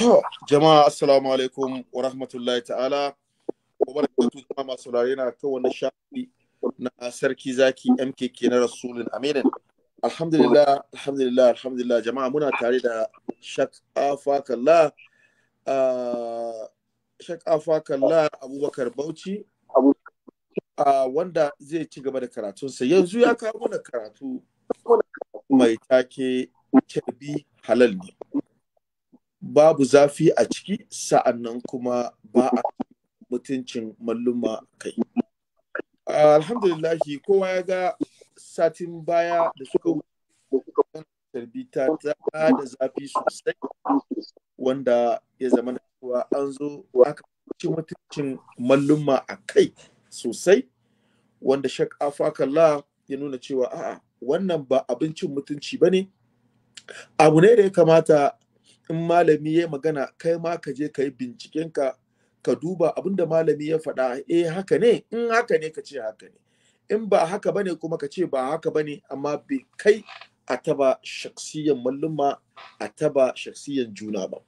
To, jama'a assalamu alaikum wa rahmatullahi ta'ala. Wa barakatu jama'a masu na kan shafi na sarki zaki MKK na Rasulun Aminin. Alhamdulillah, alhamdulillah, alhamdulillah jama'a muna tare da Shak Afakalla ah, Abubakar Bauchi ah, wanda zai ci gaba da karatunsa yanzu ya kawo mana karatu mai take kirbi halal ne. babu zafi a ciki sa'annan kuma ba a mutuncin malluma kai alhamdulillahi kowa ya ga satin baya da suka wuce tarbita ta da zafi sosai wanda ya zama cewa an zo aka ci mutuncin malluma a kai sosai wanda shak afakalla ya nuna cewa a'a wannan ba abincin mutunci ba ne abu ne da ya kamata in malami ya magana kai ma ka je ka yi bincikenka ka duba abin malami ya faɗa eh haka ne in haka ne ka ce haka ne in ba haka bane kuma ka ce ba haka bane amma bai kai a taba shaksiyan malluma a taba shaksiyan juna ba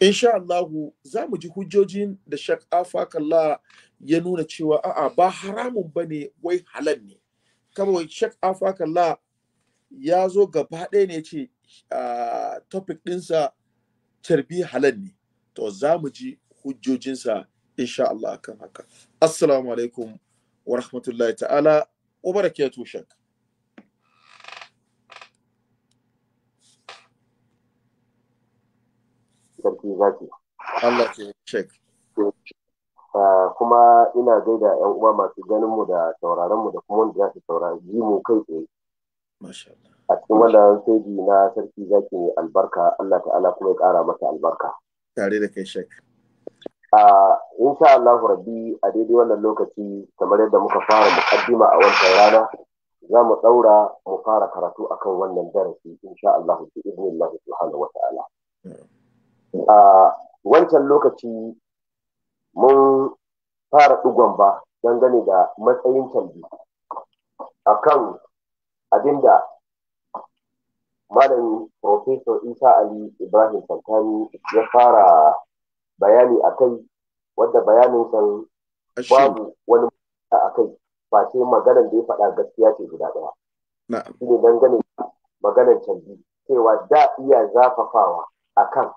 insha Allahu za mu ji hujjojin da shak afakallah ya nuna cewa a'a ba haramun bane wai halal ne kawai shak afakallah ya zo gaba ɗaya ne ce ah, topic ɗinsa Tarbi halal ne to za mu ji hujjojinsa insha Allah akan haka assalamu alaikum wa rahmatullahi ta'ala wa barakatuhu shak sarki zaki Allah ke shek eh, kuma ina gaida yan uwa masu ganin mu da sauraron mu da kuma wanda ya su saurari mu kai tsaye masha Allah a cikin wannan soji na sarki zaki mai albarka Allah ta'ala kuma ya ƙara masa albarka. Tare da kai shek. A insha Allah rabbi a daidai wannan lokaci kamar yadda muka fara mukaddima a wancan rana za mu ɗaura mu fara karatu akan wannan darasi insha Allah bi idnillah subhanahu wa ta'ala. A wancan lokaci mun fara ɗigon ba dangane da matsayin canji akan da. malami Profesor Isa Ali Ibrahim Santani ya fara bayani a kai wadda bayanin san babu wani a kai ba sai maganar da ya faɗa gaskiya ce guda ɗaya. Shi ne dangane maganar canji cewa da iya zafafawa a kan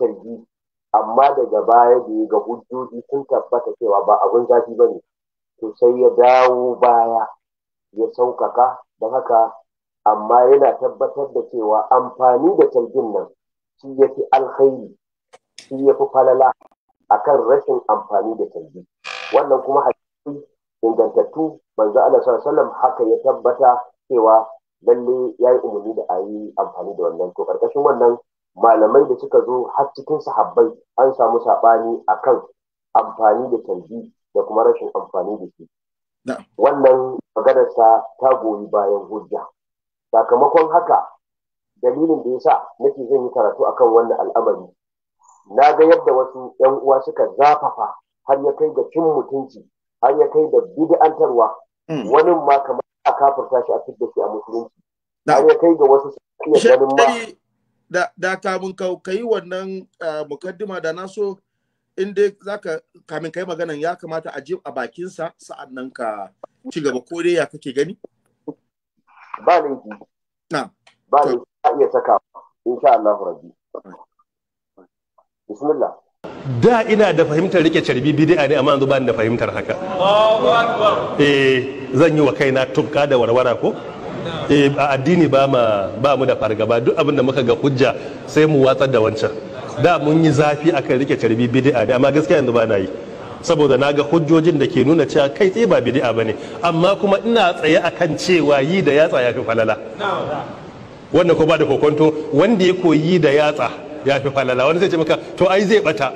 canji amma daga baya da ya ga hujjoji sun tabbata cewa ba abin zafi ba ne to sai ya dawo baya ya sauƙaƙa don haka amma yana tabbatar da cewa amfani da canjin nan shi ya fi alkhairi shi ya fi falala a kan rashin amfani da canji. wannan kuma hadisi ingantattu manzo Allah sallallahu haka ya tabbata cewa lalle ya yi umarni da ayi amfani da wannan to karkashin wannan malamai da suka zo har cikin sahabbai an samu saɓani a kan amfani da canji da kuma rashin amfani da shi wannan maganarsa ta goyi bayan hujja sakamakon haka dalilin da ya sa nake zan yi karatu akan wannan al'amari na ga yadda wasu yan uwa suka zafafa har ya kai ga cin mutunci har ya kai da bid'antarwa hmm. wani ma kamar a kafirta shi a fidda shi a musulunci har ya kai ga wasu iya ma da da kamun ka yi wannan eh, mukaddima da na so in dai zaka kamin kai maganan ya kamata a je a bakinsa sa nan ka ci gaba ko dai ya kake gani ba laifi ba a iya saka insha Allah rabbi bismillah da ina da fahimtar rike carbi bid'a ne amma yanzu ba da fahimtar haka eh zan yi wa kaina tukka da warwara ko eh a addini ba ma ba mu da fargaba duk abin da muka ga hujja sai mu watsar da wancan da mun yi zafi akan rike carbi bid'a ne amma gaskiya yanzu ba na yi saboda na ga hujjojin da ke nuna cewa kai tsaye ba ba ne, amma kuma ina tsaye a kan cewa yi da yatsa ya fi falala wannan ko ba da kokonto wanda ya koyi da yatsa ya fi falala wani zai ce maka to ai zai bata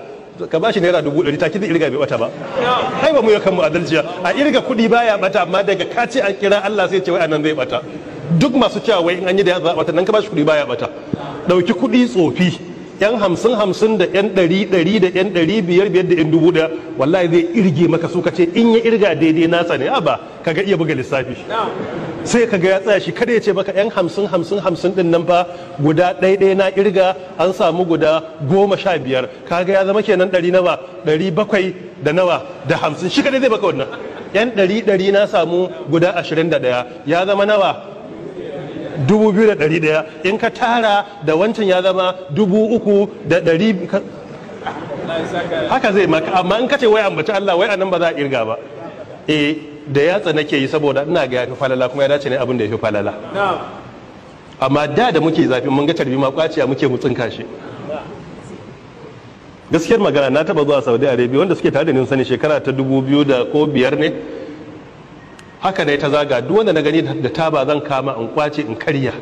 ka bashi naira dubu ɗari ta kiɗi irga bai bata ba ai ba mu yakan mu adalciya a irga kuɗi baya bata amma daga ka ce kira Allah sai ce wai anan zai bata duk masu cewa wai in an yi da yatsa bata nan ka bashi kuɗi baya bata ɗauki kuɗi tsofi yan hamsin hamsin da yan ɗari ɗari da yan ɗari biyar biyar da yan dubu ɗaya wallahi zai irge maka su kace in ya irga daidai nasa ne ba kaga iya buga lissafi sai kaga ya tsaya shi kada ya ce maka yan hamsin hamsin hamsin din nan fa guda ɗaya ɗaya na irga an samu guda goma sha biyar kaga ya zama kenan ɗari nawa ɗari bakwai da nawa da hamsin shi kada zai baka wannan yan ɗari ɗari na samu guda ashirin da ɗaya ya zama nawa dubu biyu da ɗari ɗaya in ka tara da wancan ya zama dubu uku da ɗari haka zai maka amma in ka ce wai ambaci Allah wai anan ba za a irga ba eh da yatsa nake yi saboda ina ga yafi falala kuma ya dace ne abin da fi falala amma da da muke zafi mun ga tarbi ma kwaciya muke mutsin kashi gaskiyar magana na taba zuwa saudi arabia wanda suke tare da ni sani shekara ta dubu biyu da ko biyar ne haka ne ta zaga duk wanda na gani da taba zan kama in kwace in karya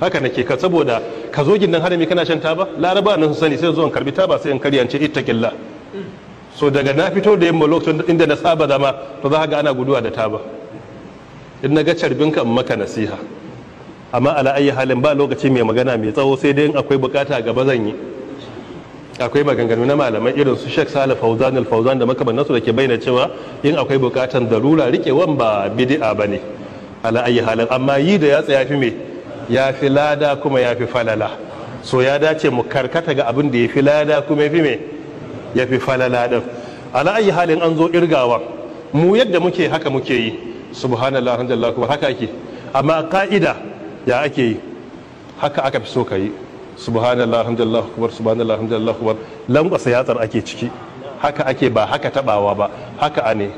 haka nake ka saboda ka zo gindin harami kana shan taba laraba nan su sani sai zo in karbi taba sai in karya in ce ittaqilla so daga na fito da yamma lokacin inda na saba zama to za ga ana guduwa da taba in na ga ka in maka nasiha amma ala halin ba lokaci mai magana mai tsawo sai dai in akwai bukata gaba zan yi akwai maganganu na malamai irin su shek Salih Fauzan fauzan da makamannansu da ke bayyana cewa in akwai bukatan darura rikewan ba bid'a bane ala ayi halin amma yi da yatsa yafi me yafi lada kuma yafi falala so ya dace mu karkata ga abin da yafi lada kuma yafi me yafi falala din ala ayi halin an zo irgawa mu yadda muke haka muke yi subhanallahi alhamdulillah kuma haka ake amma ka'ida ya ake yi haka aka fi so ka yi subhanallah alhamdulillah akbar subhanallah alhamdulillah akbar lankwasa yatsar ake ciki haka ake ba haka tabawa ba haka a ne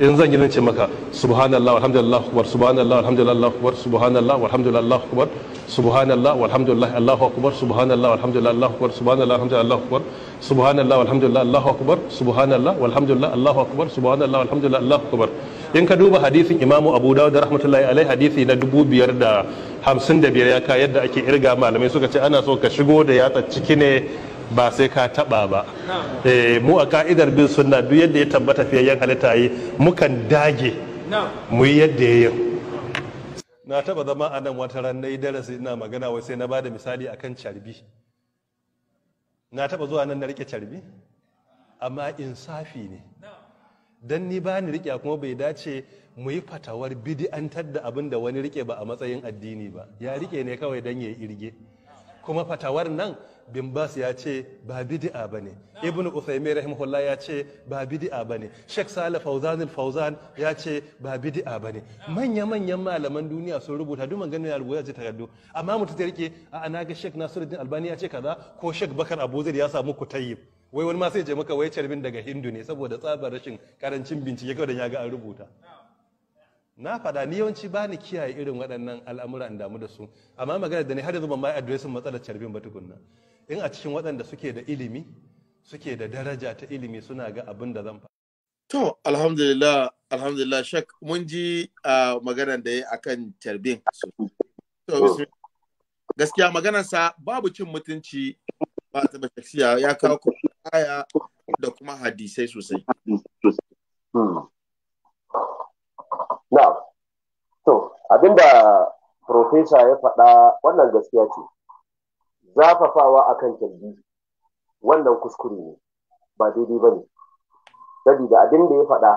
in zan yi ce maka subhanallah alhamdulillah subhanallah alhamdulillah subhanallah alhamdulillah subhanallah alhamdulillah allahu akbar subhanallah alhamdulillah subhanallah alhamdulillah subhanallah alhamdulillah allahu akbar subhanallah alhamdulillah allahu akbar subhanallah alhamdulillah allahu akbar in ka duba hadisin imamu abu dawud rahmatullahi alai hadisi na dubu biyar da hamsin da biyar ya ka yadda ake irga malamai suka ce ana so ka shigo da yatsa ciki ne ba sai ka taba ba eh, mu a ka'idar bin sunna duk yadda ya tabbata fiyayyen halitta yi mukan dage mu yi yadda ya yi na taba zama a nan wata ran darasi ina magana wai sai na ba da misali akan carbi na taba zuwa nan na rike carbi amma insafi ne dan ni ba ni rike kuma bai dace mu yi fatawar bidi'antar da abin da wani rike ba a matsayin addini ba ya rike ne kawai dan ya irge kuma fatawar nan bin bas ya ce ba bidi'a ba ne ibn usaimi rahimahullah ya ce ba bidi'a ba ne shek salih fauzan fauzan ya ce ba bidi'a ba ne manya manyan malaman duniya sun rubuta duk maganin ya rubuta ce takardu amma mutum ta rike a ana ga Nasiru nasiruddin albani ya ce kaza ko shek bakar abuzir ya samu kutayyib wai wani ma sai je maka wai carbin daga hindu ne saboda tsabar rashin karancin bincike kawai da ya ga an rubuta na fada ni yawanci ba ni kiyaye irin waɗannan al'amura in damu da su amma magana da ni har yanzu ban ma addressin matsalar carbin ba tukunna in a cikin waɗanda suke da ilimi suke da daraja ta ilimi suna ga abin da zan faɗa to alhamdulillah alhamdulillah shak mun ji maganar da ya akan carbin to oh. gaskiya maganarsa babu cin mutunci ba ta shaksiya ya kawo aya da kuma hadisai sosai. Hmm. Na, to, abinda Profesa ya faɗa wannan gaskiya ce, zafafawa a kan kyalbi wannan kuskure ne, ba daidai ba ne. Sabida abin da ya faɗa,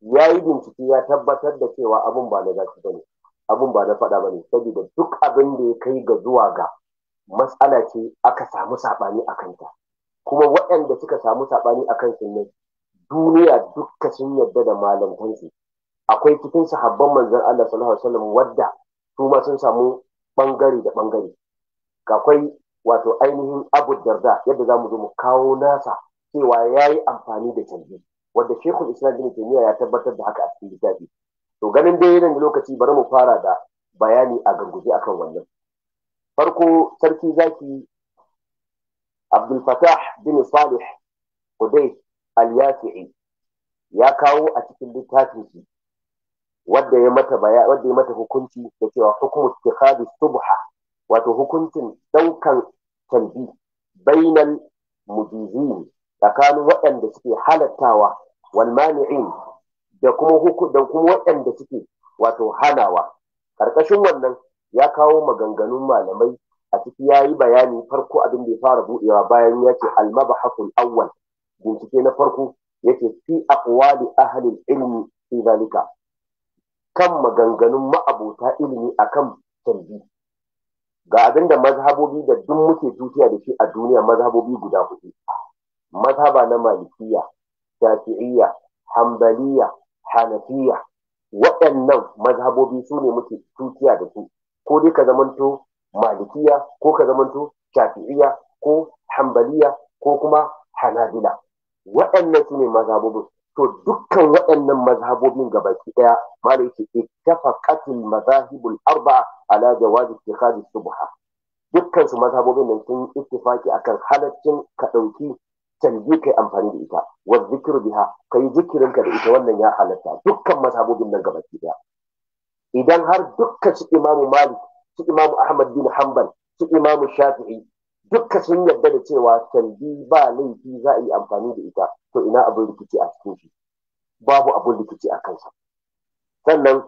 ya yi bincike ya tabbatar da cewa abin ba na zafi ba ne, abin ba na faɗa ba ne, sabida duk abin da ya kai ga zuwa ga matsala ce aka samu saɓani a kanta. kuma waɗanda suka samu saɓani a kan sunan duniya duka sun yarda da malamtansu akwai cikin sahabban manzon Allah sallallahu alaihi wasallam wadda su ma sun samu bangare da bangare akwai wato ainihin Abu Darda yadda za mu zo mu kawo nasa cewa ya yi amfani da canji wadda Sheikhul Islam bin Taymiyyah ya tabbatar da haka a cikin littafi to ganin dai nan lokaci bari mu fara da bayani a garguje akan wannan farko sarki zaki Abdul Fattah bin Salih Hudayf al-Yafi'i ya kawo a cikin littafin shi wanda ya mata hukunci da cewa hukumu ittikhadi subha wato hukuncin daukan tambi bainal mujizin tsakanin waɗanda suke halattawa wal mani'in da kuma da kuma waɗanda suke wato hanawa Ƙarƙashin wannan ya kawo maganganun malamai a ciki ya yi bayani farko abin da ya fara buɗewa bayan ya ce hakun awwal bincike na farko ya ce fi aqwali ahli ilimi fi zalika kan maganganun ma'abota ilimi akan tambi. ga abin da mazhabobi da duk muke tutiya da shi a duniya mazhabobi guda hudu mazhaba na malikiya shafi'iyya hambaliya hanafiya waɗannan mazhabobi su ne muke tutiya da su ko dai ka zamanto malikiya ko ka zamanto shafi'iya ko hambaliya ko kuma hanabila waɗannan su ne mazhabobin to dukkan waɗannan mazhabobin ga baki ɗaya mala yake ittafaqatil mazahibul arba'a ala jawazi ittikhadi subha dukkan su mazhabobin nan sun ittifaki akan halaccin ka ɗauki canji kai amfani da ita wa zikiru biha kai zikirin ka da ita wannan ya halatta dukkan mazhabobin nan ga baki ɗaya idan har dukkan su imamu malik su Imam Ahmad bin Hanbal su Imam Shafi'i dukka sun yarda da cewa tambi ba laifi za a yi amfani da ita to ina abin rikici a cikin shi babu abin rikici a kansa sannan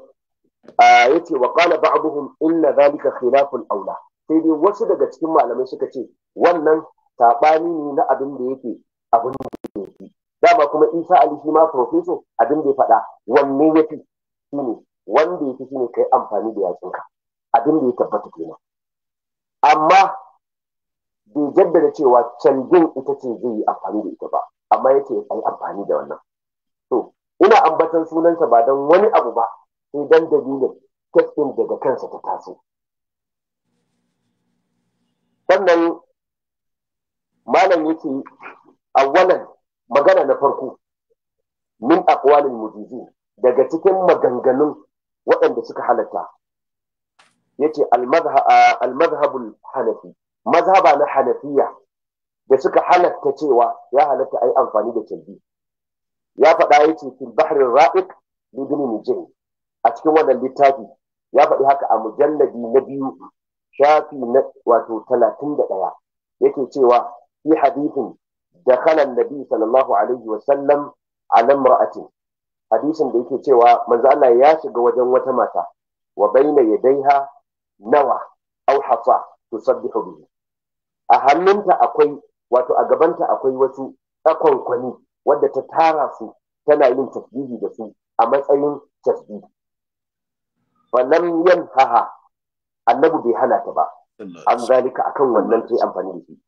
ya ce wa qala ba'dhum inna zalika khilaful aula sai dai wasu daga cikin malamai suka ce wannan saɓani ne na abin da yake abin da yake dama kuma isa ali shi ma profeso abin da ya faɗa wanne ya shine wanda ya fi shine kai amfani da yatsunka abin da ya tabbata kenan amma bai jaddada cewa canjin ita ce zai yi amfani da ita ba amma yake a yi amfani da wannan to ina ambatan sunansa ba don wani abu ba sai don dalilin ɗin daga kansa ta taso sannan malam yake awwalan magana na farko min akwalin mujizu daga cikin maganganun waɗanda suka halatta yace al hanafi mazhaba na hanafiya da suka halatta cewa ya halatta ai amfani da tilbi ya faɗa yace fil bahri ra'iq li ibn mujahid a cikin wannan littafi ya faɗi haka a mujalladi na biyu shafi na wato 31 yake cewa fi hadithin dakhala annabi sallallahu alaihi wa sallam ala imra'atin hadisin da yake cewa manzo Allah ya shiga wajen wata mata wa baina yadaiha nawa au to sabbihu bihi a hannunta akwai wato a gabanta akwai wasu tsakonkwani wadda ta tara su tana yin tasbihi da su a matsayin tasbihi yan haha annabi bai hana ta ba an zalika akan wannan sai amfani da shi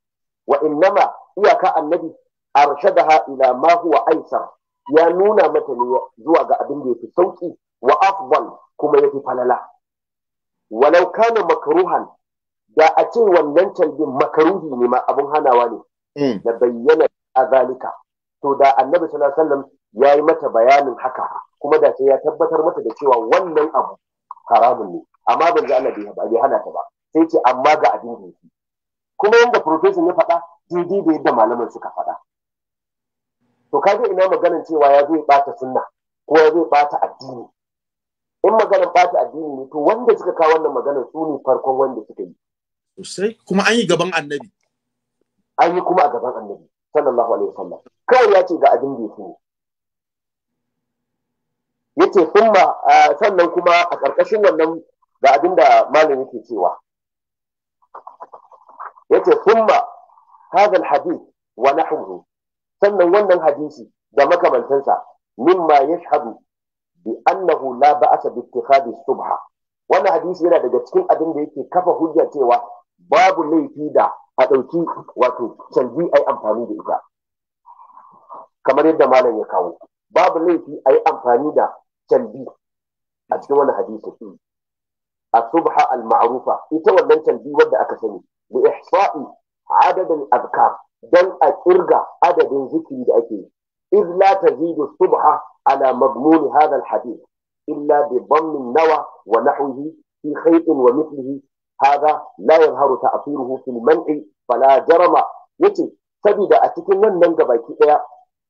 wa innama iyaka annabi arshadaha ila ma huwa aisar ya nuna mata ne zuwa ga abin da yafi sauki wa afdal kuma yafi falala walau kana makruhan da a ce wannan talbin makaruhi ne ma abun hanawa ne mm. da bayyana a zalika to da annabi sallallahu alaihi wasallam ya yi mata bayanin haka kuma da sai ya tabbatar mata da cewa wannan abu haramun ne amma ban ji Allah bai hana ta ba sai ce amma ga abin da yake kuma yanda professor ya faɗa daidai da yadda malaman suka faɗa to kaje ina maganan cewa ya zai bata sunna ko ya zai bata addini in maganar ɓata addini ne to wanda suka kawo wannan maganar su ne farkon wanda suka yi sosai kuma an yi gaban annabi an yi kuma a gaban annabi sallallahu alaihi wasallam kawai ya ce ga abin da ya fi yake yace kuma sannan kuma a ƙarƙashin wannan ga abin da malam yake cewa yace kuma hadha alhadith wa nahwuhu sannan wannan hadisi da makamantansa mimma yashhadu bi annahu la ba'asa bi ittikhadi subha wannan hadisi yana daga cikin abin da yake kafa hujja cewa babu laifi da a ɗauki wato canji ai amfani da ita kamar yadda malam ya kawo babu laifi a yi amfani da canji a cikin wannan hadisi a subha al ma'rufa ita wannan canji wadda aka sani bi ihsa'i adadin azkar don a ƙirga adadin zikiri da ake yi إلا تزيد الصبح على مضمون هذا الحديث إلا بضم النوى ونحوه في خيط ومثله هذا لا يظهر تأثيره في المنع فلا Ya ce saboda a cikin wannan gabaki ɗaya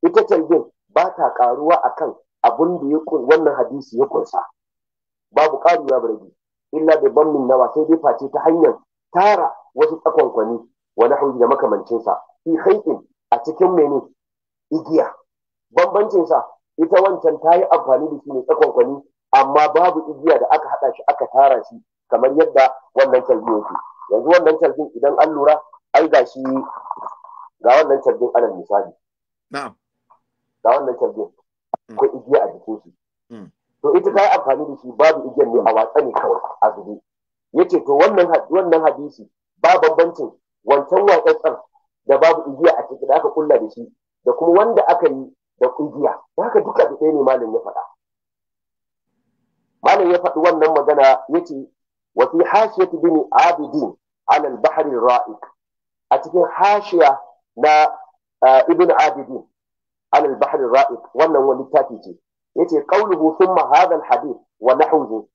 ita talbin ba ta karuwa akan abin da wannan hadisi ya kunsa babu karuwa barbi illa da bammin nawa sai dai face ta hanyar tara wasu kwani wa nahwi da makamancinsa fi haikin a cikin mene igiya bambancin sa ita wancan ta yi amfani da shi ne tsakonkwani amma babu igiya da aka haɗa shi aka tara shi kamar yadda wannan calbi yake yanzu wannan calbin idan an lura ai ga shi ga wannan calbin ana misali na'am ga wannan calbin mm. akwai igiya a jikin shi mm. to ita ta yi amfani da shi babu igiyar ne a watsa ne kawai a zube yace to wannan wannan hadisi ba bambancin wancan watsatsar da babu igiya a ciki da aka kulla da shi da kuma wanda aka yi da Da haka duka da ɗaya ne malam ya faɗa malam ya faɗi wannan magana ya ce wa fi hashiyati bin abidin ala al-bahr ra'iq a cikin hashiya na ibn abidin ala al-bahr ra'iq wannan wani littafi ce yace qauluhu thumma hadha al-hadith wa nahwuhu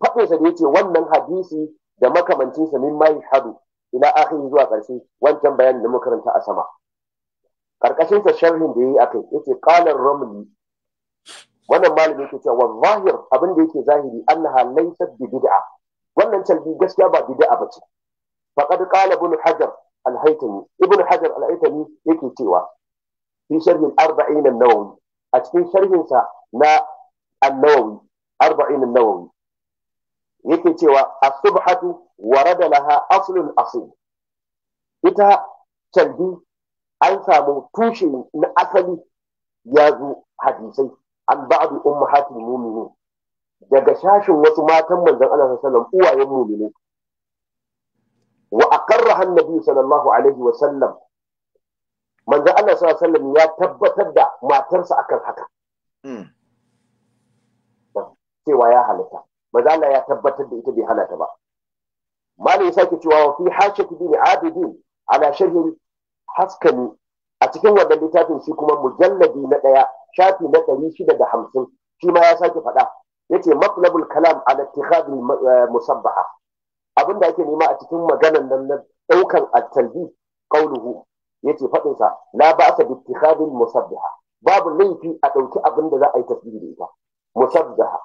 faɗin sa da yace wannan hadisi da makamancinsa min mai hadu ila akhiri zuwa ƙarshe wancan bayanin da muka karanta a sama karkashin sa sharhin da yayi akai yace qalar ramli wannan malami yake cewa wa zahir abin da yake zahiri annaha laysat bi bid'a wannan talbi gaskiya ba bid'a bace faqad qala ibn hajar al-haytami ibn hajar al-haytami yake cewa fi sharhin 40 an-nawawi a cikin sharhin sa na an-nawawi 40 an-nawawi yake cewa as-subhatu warada laha aslun asil ita talbi an samu tushe na asali ya zo hadisai an ba'du ummahatil mu'minin daga shashin wasu matan manzon Allah sallallahu alaihi uwayen mu'minin wa aqarraha annabi sallallahu alaihi wa sallam manzon Allah sallallahu alaihi sallam ya tabbatar da matarsa akan haka hmm. cewa ya halatta manzon Allah ya tabbatar da ita bai halatta ba malai sake cewa wa fi hashati bin abidin ala sharhi haskani a cikin wannan littafin shi kuma mujalladi na ɗaya shafi na ɗari shida da hamsin shi ma ya sake faɗa ya ce matlabul kalam a ittikhadil eh, musabbaha abin da ake nema a cikin maganan nan na ɗaukan at-talbi ya yace faɗinsa na la ba'sa bi musabbaha babu laifi a ɗauki abin da za a yi tasbihi da ita musabbaha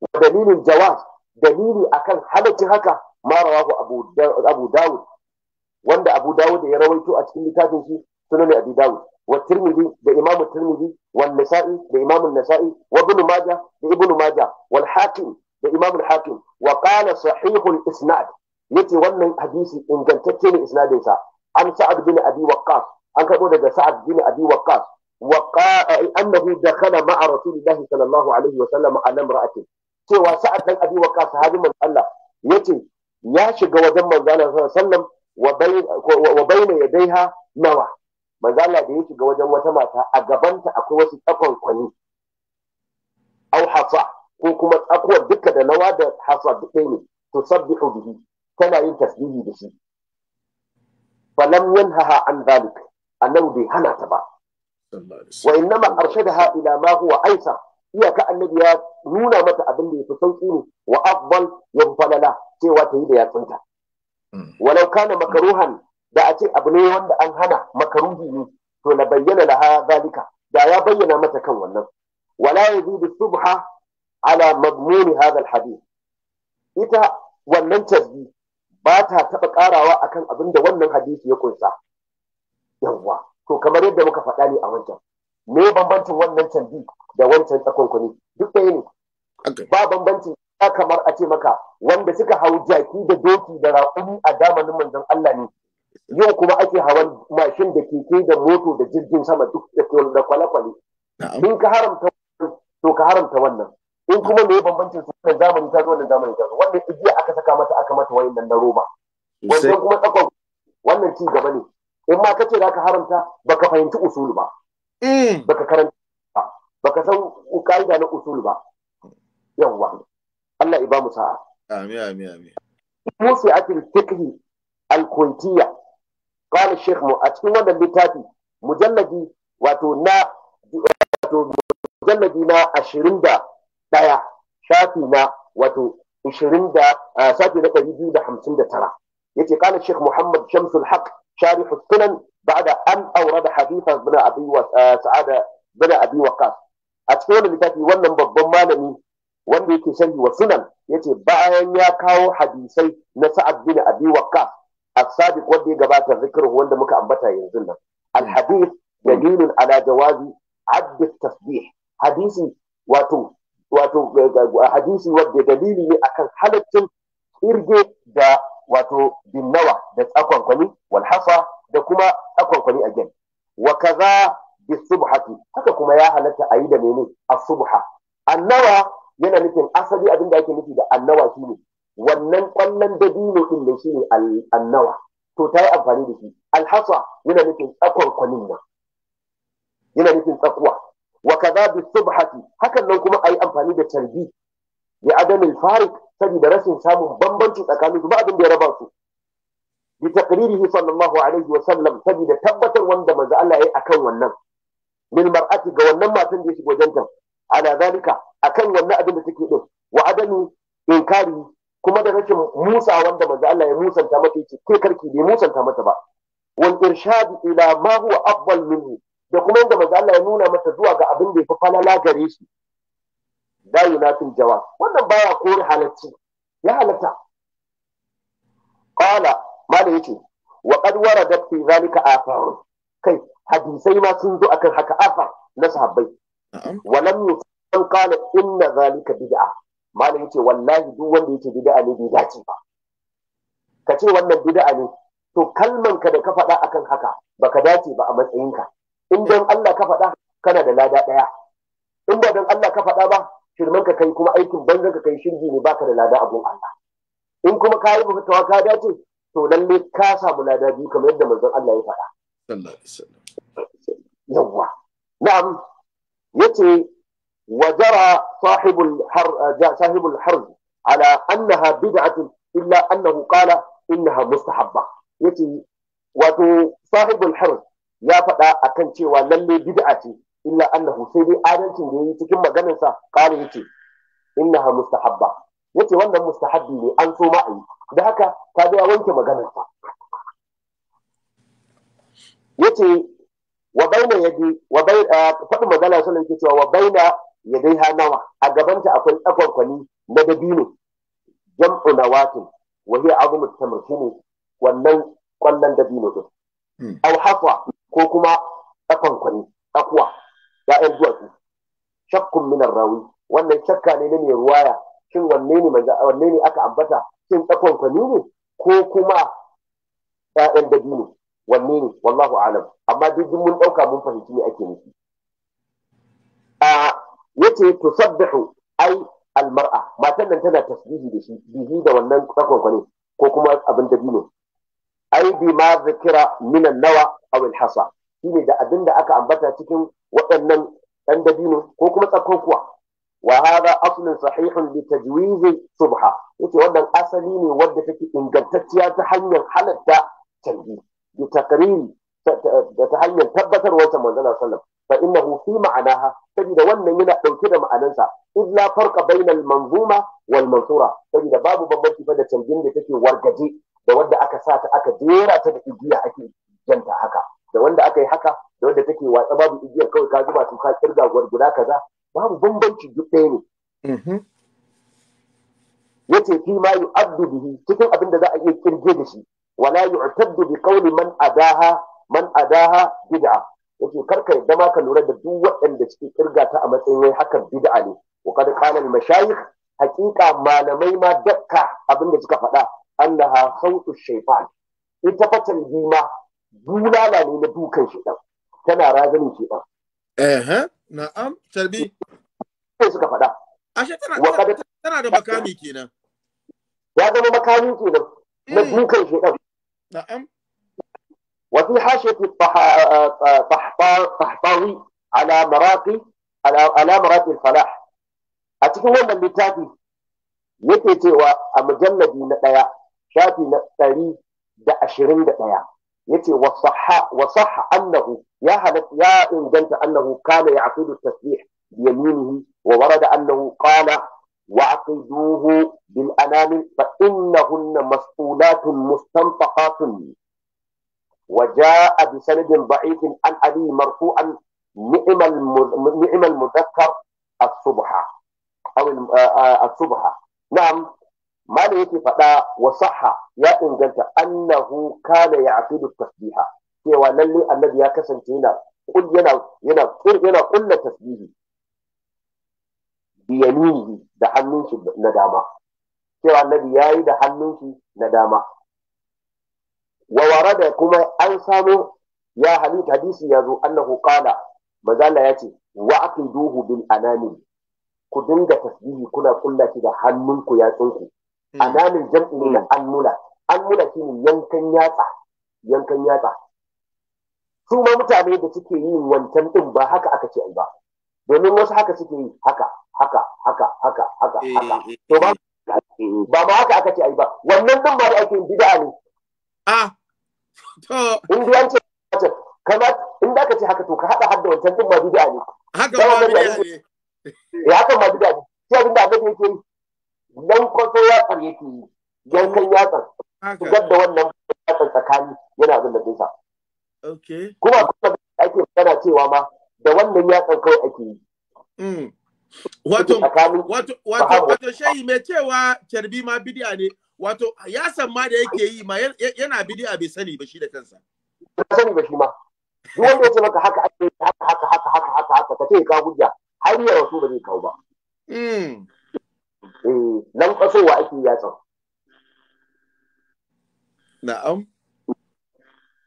wa dalilin jawaz dalili akan halaccin haka ma rawahu abu abu dawud wanda Abu Dawud ya rawaito a cikin littafin shi sunan Abi Dawud wa Tirmidhi da Imam Tirmidhi wa Nasa'i da Imam Nasa'i wa Ibn Majah da Ibn Majah wal Hakim da Imam Hakim wa qala sahihul isnad yace wannan hadisi ingantacce ne isnadin sa an Sa'ad bin Abi Waqqas an karbo daga Sa'ad bin Abi Waqqas وقاء انه دخل مع رسول الله صلى الله عليه وسلم على امرأته cewa sa'ad dan abi waqas sahabin manzo Allah yace ya shiga wajen manzo Allah sallallahu alaihi wa dai ha, nawa manzo na da ya shiga wajen wata mata a gabanta akwai wasu tsakon kwani au hasa ko kuma tsakuwar duka da nawa da hasa duk ne to sabbi bihi tana yin tasbihi da shi falam haha an A nan bai hana ta ba wa da arshadaha ila ma wa aisa iyaka annabi ya nuna mata abin da yafi sauki ne wa afdal yan falala cewa ta yi da yatsunta walau kana makaruhan da a ce abu ne wanda an hana makaruhi ne to na bayyana da laha zalika da ya bayyana mata kan wannan wala yazidu subha ala madmuni hadha alhadith ita wannan tasbi ba ta taɓa ƙarawa akan abin da wannan hadisi ya kunsa yawwa to kamar yadda muka faɗa ne a wancan me bambancin wannan tasbi da wancan tsakonkwani duk ɗaya ne ba bambanci kamar a ce maka wanda suka hau jaki da doki da raƙumi a zamanin manzon Allah ne yau kuma ake hawan mashin da keke da moto da jirgin sama duk da kwale-kwale in ka haramta wannan? to ka haramta wannan in kuma me bambancin su wannan zamanin ta zo da zamanin ta zo wannan igiya aka saka mata aka mata wayannan na roba wannan kuma tsakon wannan ci gaba ne in ma kace zaka haramta baka fahimci usul ba mm. baka karanta baka san ka'ida na usul ba yawwa Allah ya ba mu sa'a amin amin amin musu akil fiqhi al-kuntiyya qala shaykh mu a cikin wannan littafi mujalladi wato na wato mujalladi na 21 shafi na wato 20 da shafi na 259 yace qala shek muhammad shamsul haq شارح السنن بعد أن أورد حديث ابن أبي سعد بن أبي وقاص أتكلم لتاتي ولن ببما wanda yake sharhi wa sunan ya ce bayan ya kawo hadisai na sa'ad bin abi wakka. as-sadiq wanda ya gabata zikar wanda muka ambata yanzu nan alhadis hadith ala jawazi tasbih hadisi wato wato eh, hadisi wanda dalili ne akan halaccin irge da wato binnawa da tsakonkwani walhasa da kuma tsakonkwani a gen wa kaza bi subhati haka kuma ya halatta a yi da mene a subha annawa yana nufin asali abin da ake nufi da annawa shine wannan kwallon dabino din da ne annawa to ta yi amfani da shi alhasa yana nufin tsakon kwanin nan yana nufin tsakuwa wa kaza bi subhati hakan nan kuma ayi amfani da tarbi ya adamin farik saboda rashin samun bambanci tsakanin su ba abin da ya raba su bi taqririhi sallallahu alaihi wa sallam saboda tabbatar wanda manzo Allah yayi akan wannan min mar'ati ga wannan matan da yake ta ala zalika akan wannan abin da take din wa adamu inkari kuma da rashin musa wanda manzo Allah ya musanta mata yace ke karki bai musanta mata ba wal irshad ila ma huwa afdal minhu da kuma yadda manzo Allah ya nuna mata zuwa ga abin da yafi falala gare shi da yunafin jawab. wannan baya kore halacci ya halatta qala mala yace wa qad waradat fi zalika athar kai hadisai ma sun zo akan haka Afa na sahabbai walam man qala inna zalika bid'a malam yace wallahi duk wanda yace bid'a ne bai dace ba ka wannan bid'a ne to kalman ka da ka faɗa akan haka baka dace ba a matsayinka in dan Allah ka faɗa kana da lada ɗaya in ba dan Allah ka faɗa ba shirman ka kai kuma aikin banza ka kai shirgi ne baka da lada abun Allah in kuma ka yi bukatawa ka dace to lalle ka samu lada biyu kamar yadda manzon Allah ya faɗa yawwa na'am yace وجرى صاحب الحر صاحب الحرز على انها بدعه الا انه قال انها مستحبه يتي وتو صاحب harz يا فدا اكن cewa lalle bid'a ce illa annahu sai dai adalcin da yayi cikin maganar sa ƙara yace innaha mustahabba yace wannan mustahabbi ne an so ma ayi da haka ka ga ya wanke maganar sa yace wa bayna yadi wa bayna fadu magana sallallahu alaihi wa sallam yace wa bayna ya dai hanawa a gabanta akwai tsakwankwani na dabino jam'u na watin wa hiya azumut tamr shine wannan kwallon dabino din hmm. aw hafwa ko kuma tsakwankwani akwa ya'yan duwatsu shakkun minar rawi wannan shakka ne na mai ruwaya shin wanne ne wanne ne aka ambata shin tsakwankwani ne ko kuma ya'yan dabino wanne ne wallahu alam amma duk mun dauka mun fahimci me ake nufi yace tusabbihu ai almar'a matan nan tana tasbihi da shi bihi da wannan tsakon ko kuma abin da bino ai bi ma zikira minan nawa aw alhasa shine da abin da aka ambata cikin waɗannan dan dabino ko kuma tsakon kuwa wa hada aslun sahihun li tajwiz subha yace wannan asali ne wanda take ingantacciya ta hanyar halatta tanbi bi ta hanyar tabbatar wata manzala sallallahu fa innahu fi ma'anaha saboda wannan yana dauke da ma'anarsa. id la farqa bainal manzuma wal mansura saboda babu bambanci fa da canjin da take wargaje da wadda aka sa ta aka jera ta da igiya ake janta haka da wanda aka yi haka da wadda take watsa babu igiyar kawai ka zuba su ka kirga guda kaza babu bambanci duk ɗaya ne mm-hmm. yace fi ma yu'addu bihi cikin abin da za a iya kirge da shi wala yu'taddu bi qawli man adaha man adaha bid'a yace karka yadda ma ka lura da duk waɗanda suke kirga ta a matsayin wai hakan bid'a ne wa kad qala al mashayikh haqiqa malamai ma dakka abinda suka faɗa annaha sautu shaytan ita fa tanjima bulala ne na dukan shaytan tana razanin shaytan eh na'am tarbi sai suka faɗa ashe tana tana da makami kenan ya zama makami kenan na hmm. dukan shaytan na'am وفي حاشية الطحطاوي على مراقي على مراقي الفلاح أتكلم wannan littafi yake cewa a mujalladi na ɗaya shafi na ɗari da ashirin da ɗaya yace wa sahha annahu ya halatta ya inganta annahu kana ya'qidu tasbih bi yaminihi wa warada annahu qala واعقدوه بالانامل فانهن مسؤولات مستنطقات وجاء بسند ضعيف عن أبي مرفوعا نعم نعم المذكر الصبحة أو الصبحة نعم ما يكي فدا وصحة يا إن قلت كان يعقد التسبيحة cewa lalle annabi ya kasance yana yana yana yana kulla tasbihi bi da hannun shi na dama cewa annabi yayi da na dama wa da kuma an samo ya halitta hadisi ya zo annahu qala mazala ya ce wa aqiduhu bil anani ku dinga tasbihi kuna kulla da hannunku yatsunku hmm. ananin jam'i ne na hmm. annuna annuna shine yankan yatsa yankan yatsa su ma mutane da suke yin wancan din ba haka aka ce ai ba domin wasu haka suke yi haka haka haka haka haka haka eh, eh, eh. to ba ba ma haka aka ce ai ba wannan din ba da ake bid'a ne a ah. to indiyanci kamar in da ka ce haka to ka hada hadda wancan din ma bid'a ne haka eh, ma bid'a ne ya haka ma bid'a ne sai abinda annabi yake yi dan kwaso ya tsare yake yi yankan yatsa shigar da wannan yatsar tsakani yana abin da dinsa kuma kuma ake magana cewa ma da wannan yatsar kawai ake yi mm. wato wato wato shayi mai cewa carbi ma bid'a ne wato ya san ma da yake yi ma yana a bai sani ba shi da kansa ba sani ba shi ma duk wanda yace maka haka ake haka haka haka haka haka haka ka ce ka hujja har ya rasu ba zai kawo ba mm eh nan kasowa ake san. na'am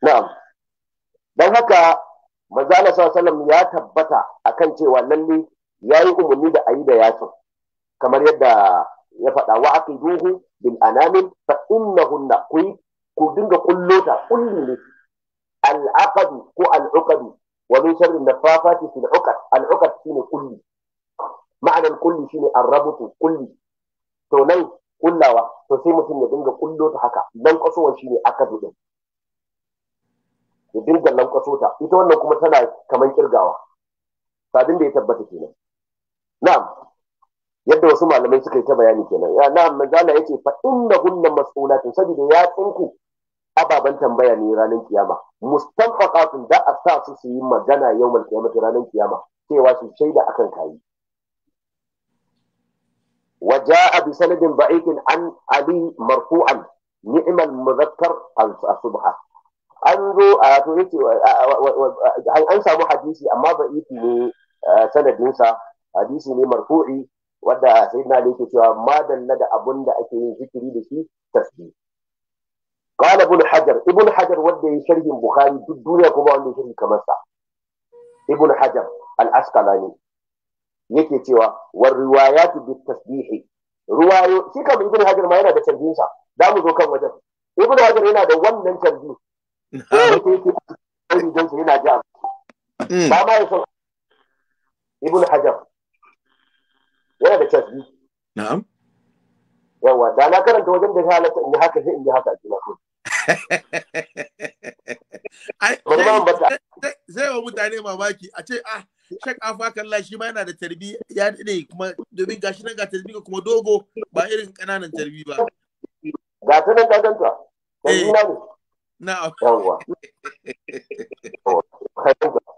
na'am dan haka Manzala sallallahu ya tabbata akan cewa lalle yayi umarni da ayi da yasin kamar yadda ya faɗa wa aqiduhu bil anamin fa innahunna ku ku dinga kullota kulli ne al aqd ko al uqd wa min sharri nafafati fil uqad al uqad shine kulli ma'anan kulli shine arrabutu kulli to nan kullawa to sai mutum ya dinga kullota haka nan kasowar shine akadu din ya dinga nan kasota ita wannan kuma tana kaman kirgawa sabin da ya tabbata kenan na'am yadda wasu malamai suka yi ta bayani kenan ya na manzala yake fa inna hunna mas'ulatun saboda ya tsinku ababen tambaya ne ranar kiyama mustanfaqatun da a sa su su yi magana yawmal kiyamati ranar kiyama cewa su shaida akan kayi وجاء بسند ضعيف عن علي مرفوعا نعم المذكر الصبحة أنظر an samu hadisi amma ضعيف ne eh, sanadinsa hadisi ne marfu'i wadda sai na da yake cewa madalla da abun da ake yin zikiri da shi tasbih qala ibn hajar ibn hajar wanda yayi sharhin bukhari duk duniya kuma wanda sharhi kamar sa ibn hajar al asqalani yake cewa war riwayatu bit tasbih ruwayo shi kam ibn hajar ma yana da canjin sa za mu zo kan wajen ibn hajar yana da wannan canji yana ja ba ma yasan ibn hajar yana da kyau na'am yawa da na karanta wajen da halatta in yi haka sai in yi haka a cikin ko zai wa mutane mamaki a ce ah shak afakallah shi ma yana da tarbi ya ne kuma domin gashi nan ga tarbi kuma dogo ba irin kananan tarbi ba ga ta nan gaganta eh. tarbi na ne na'am yawwa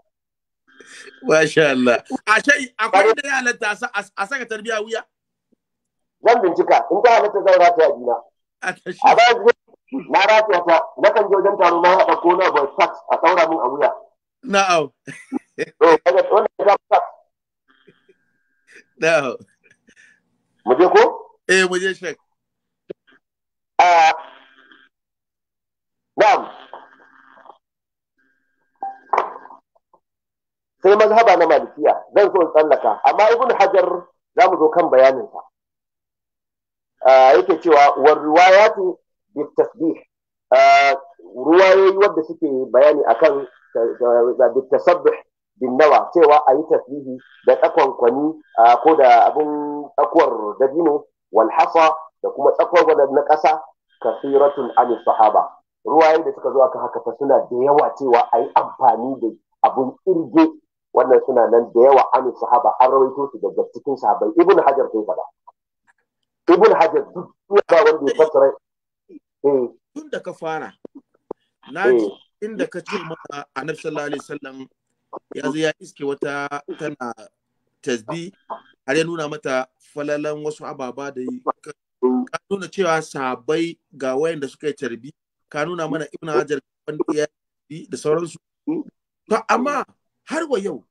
Masha Allah. Ashe, akwai da ya halatta a saka tarbiya wuya? Zan bincika, in ta halatta zan rataya jina. A bayan na rataya ta, na kan je wajen taro na haɗa ko na boy sax a saura min a wuya. Na'au. Eh, wanda ya sax. Na'au. Mu je ko? Eh, mu je shek. Ah. Na'am. sai mazhaba na malikiya zan so tsallaka amma ibn hajar za mu zo kan bayaninsa ah, yake cewa war riwayatu bi tasbih ah, ruwayoyi wadda suke bayani akan ah, bi tasabbih bin nawa cewa a yi tasbihi da tsakwankwani ko da abin tsakuwar dabino wal hasa da kuma tsakuwar wadda na ƙasa kasiratun Ali sahaba ruwaye da suka zo aka haka fa suna da yawa cewa a yi amfani da abun irge wannan suna nan da yawa an sahaba an rawaito su daga cikin sahabbai ibn hajar sai faɗa ibn hajar duk ba wanda ya fassara eh. tun da ka fara na ji inda eh. ka ce maka annabi sallallahu alaihi wasallam ya zai ya iske wata tana tasbi har ya nuna mata falalan wasu ababa da yi. ka nuna cewa sabai ga wayanda suka yi tarbi ka nuna mana ibn hajar wanda ya da sauransu to amma har wa yau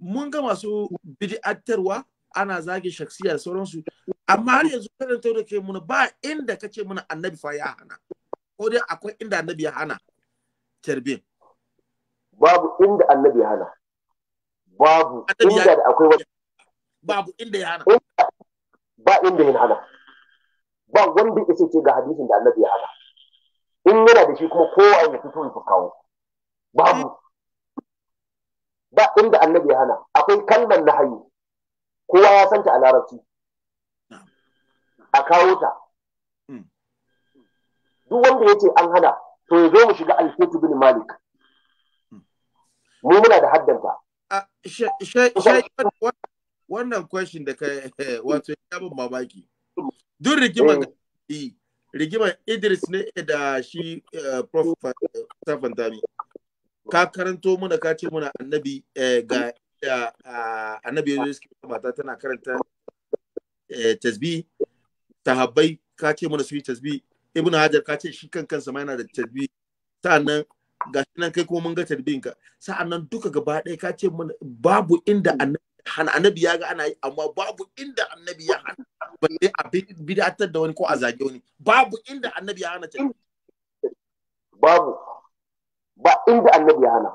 mun ga masu bid'attarwa ana zage shaksiya da sauransu amma har yanzu kada da ke muna ba inda kace muna annabi fa ya hana ko dai akwai inda annabi ya hana tarbiyya babu inda annabi ya hana babu inda da akwai wata babu inda ya hana ba inda ya hana ba wanda ya ce ga hadisin da annabi ya hana in yana da shi kuma kowa ya fito ya kawo babu ba inda annabi ya hana akwai kalmar hayu kowa ya santa a larabci a kawo ta hmm. duk wanda ya ce an hana to ya zo mu shiga alfetu bin malik hmm. mu muna da haddanta wannan question da ka wato ya bin mamaki duk rigimar da eh. rigimar idris ne da shi eh, prof 7 ka karanto muna ka ce muna annabi eh, ga annabi ya suke mata tana karanta eh, tasbi tahabbai ka ce muna su yi tasbi Ibn hajar ka ce shi kan kansa ma yana da tasbi sa'annan ga nan kai kuma mun ga tasbin ka sa'annan duka gaba ɗaya ka ce muna babu inda annabi hana annabi ya ga ana yi amma babu inda annabi ya hana balle a bid'atar da wani ko a zage wani babu inda annabi ya hana tasbi babu ba inda annabi ya hana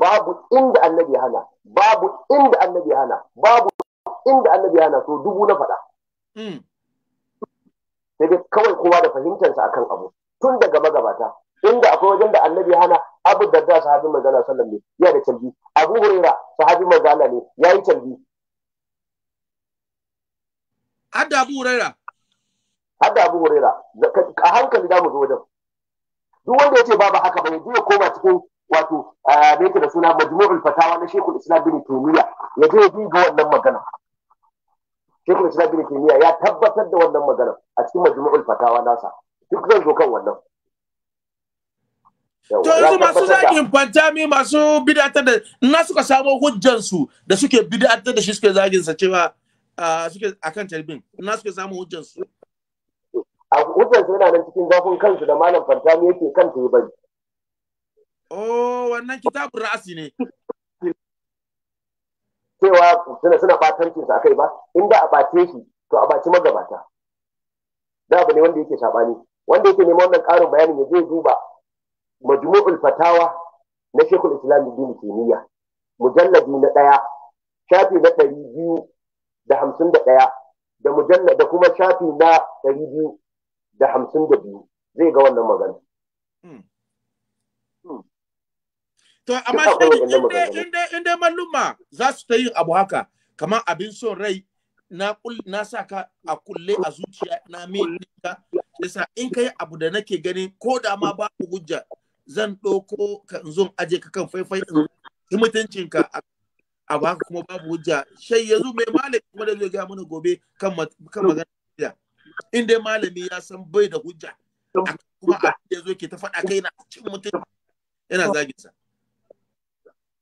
babu inda annabi ya hana babu inda annabi ya hana babu inda annabi ya hana to dubu na faɗa hmm. sai dai kawai kowa da fahimtarsa akan abu tun daga magabata inda akwai wajen da annabi ya hana abu da da sahabi magana sallam ne ya da canji abu huraira sahabi magana ne ya yi canji hadda abu huraira hadda abu huraira a hankali da mu zo wajen duk wanda ya ce babu haka ba ya je ya koma cikin wato da yake da suna majmu'ul fatawa na shekul islam bin taymiya ya je ya duba wannan magana shekul islam bin taymiya ya tabbatar da wannan magana a cikin majmu'ul fatawa nasa duk zan zo kan wannan To yanzu masu zagin fantami masu bidatar da na suka samo hujjansu da suke bidatar da shi suke zagin sa cewa suke akan talbin na suke samun hujjansu. a hujjansu yana nan cikin zafin kansu da malam fantami yake ta yi bari oh wannan kitabun ra'asi ne cewa suna suna batancin sa akai ba inda a bace shi to a baci magabata da abu ne wanda yake sabani wanda yake neman wannan karin bayanin ya je duba majmu'ul fatawa na shekul Islam Ibn Taymiyyah mujalladi na ɗaya shafi na ɗari biyu da hamsin da ɗaya da mujalla da kuma shafi na ɗari biyu da hamsin da biyu zai ga wannan magana. Hmm. Hmm. To amma in dai malluma za su ta yi abu haka kamar abin son rai na sa ka a kulle a zuciya na mai yasa in ka yi abu da nake ganin, ko da ma ba ku hujja zan ɗauko ka aje ka kan faifai in mutuncin ka a haka kuma babu hujja shai yanzu mai malik kuma da zai gaya mana gobe kan magana in dai malami ya san bai da hujja kuma a ya zo ke ta faɗa kai na cin mutum yana zagin sa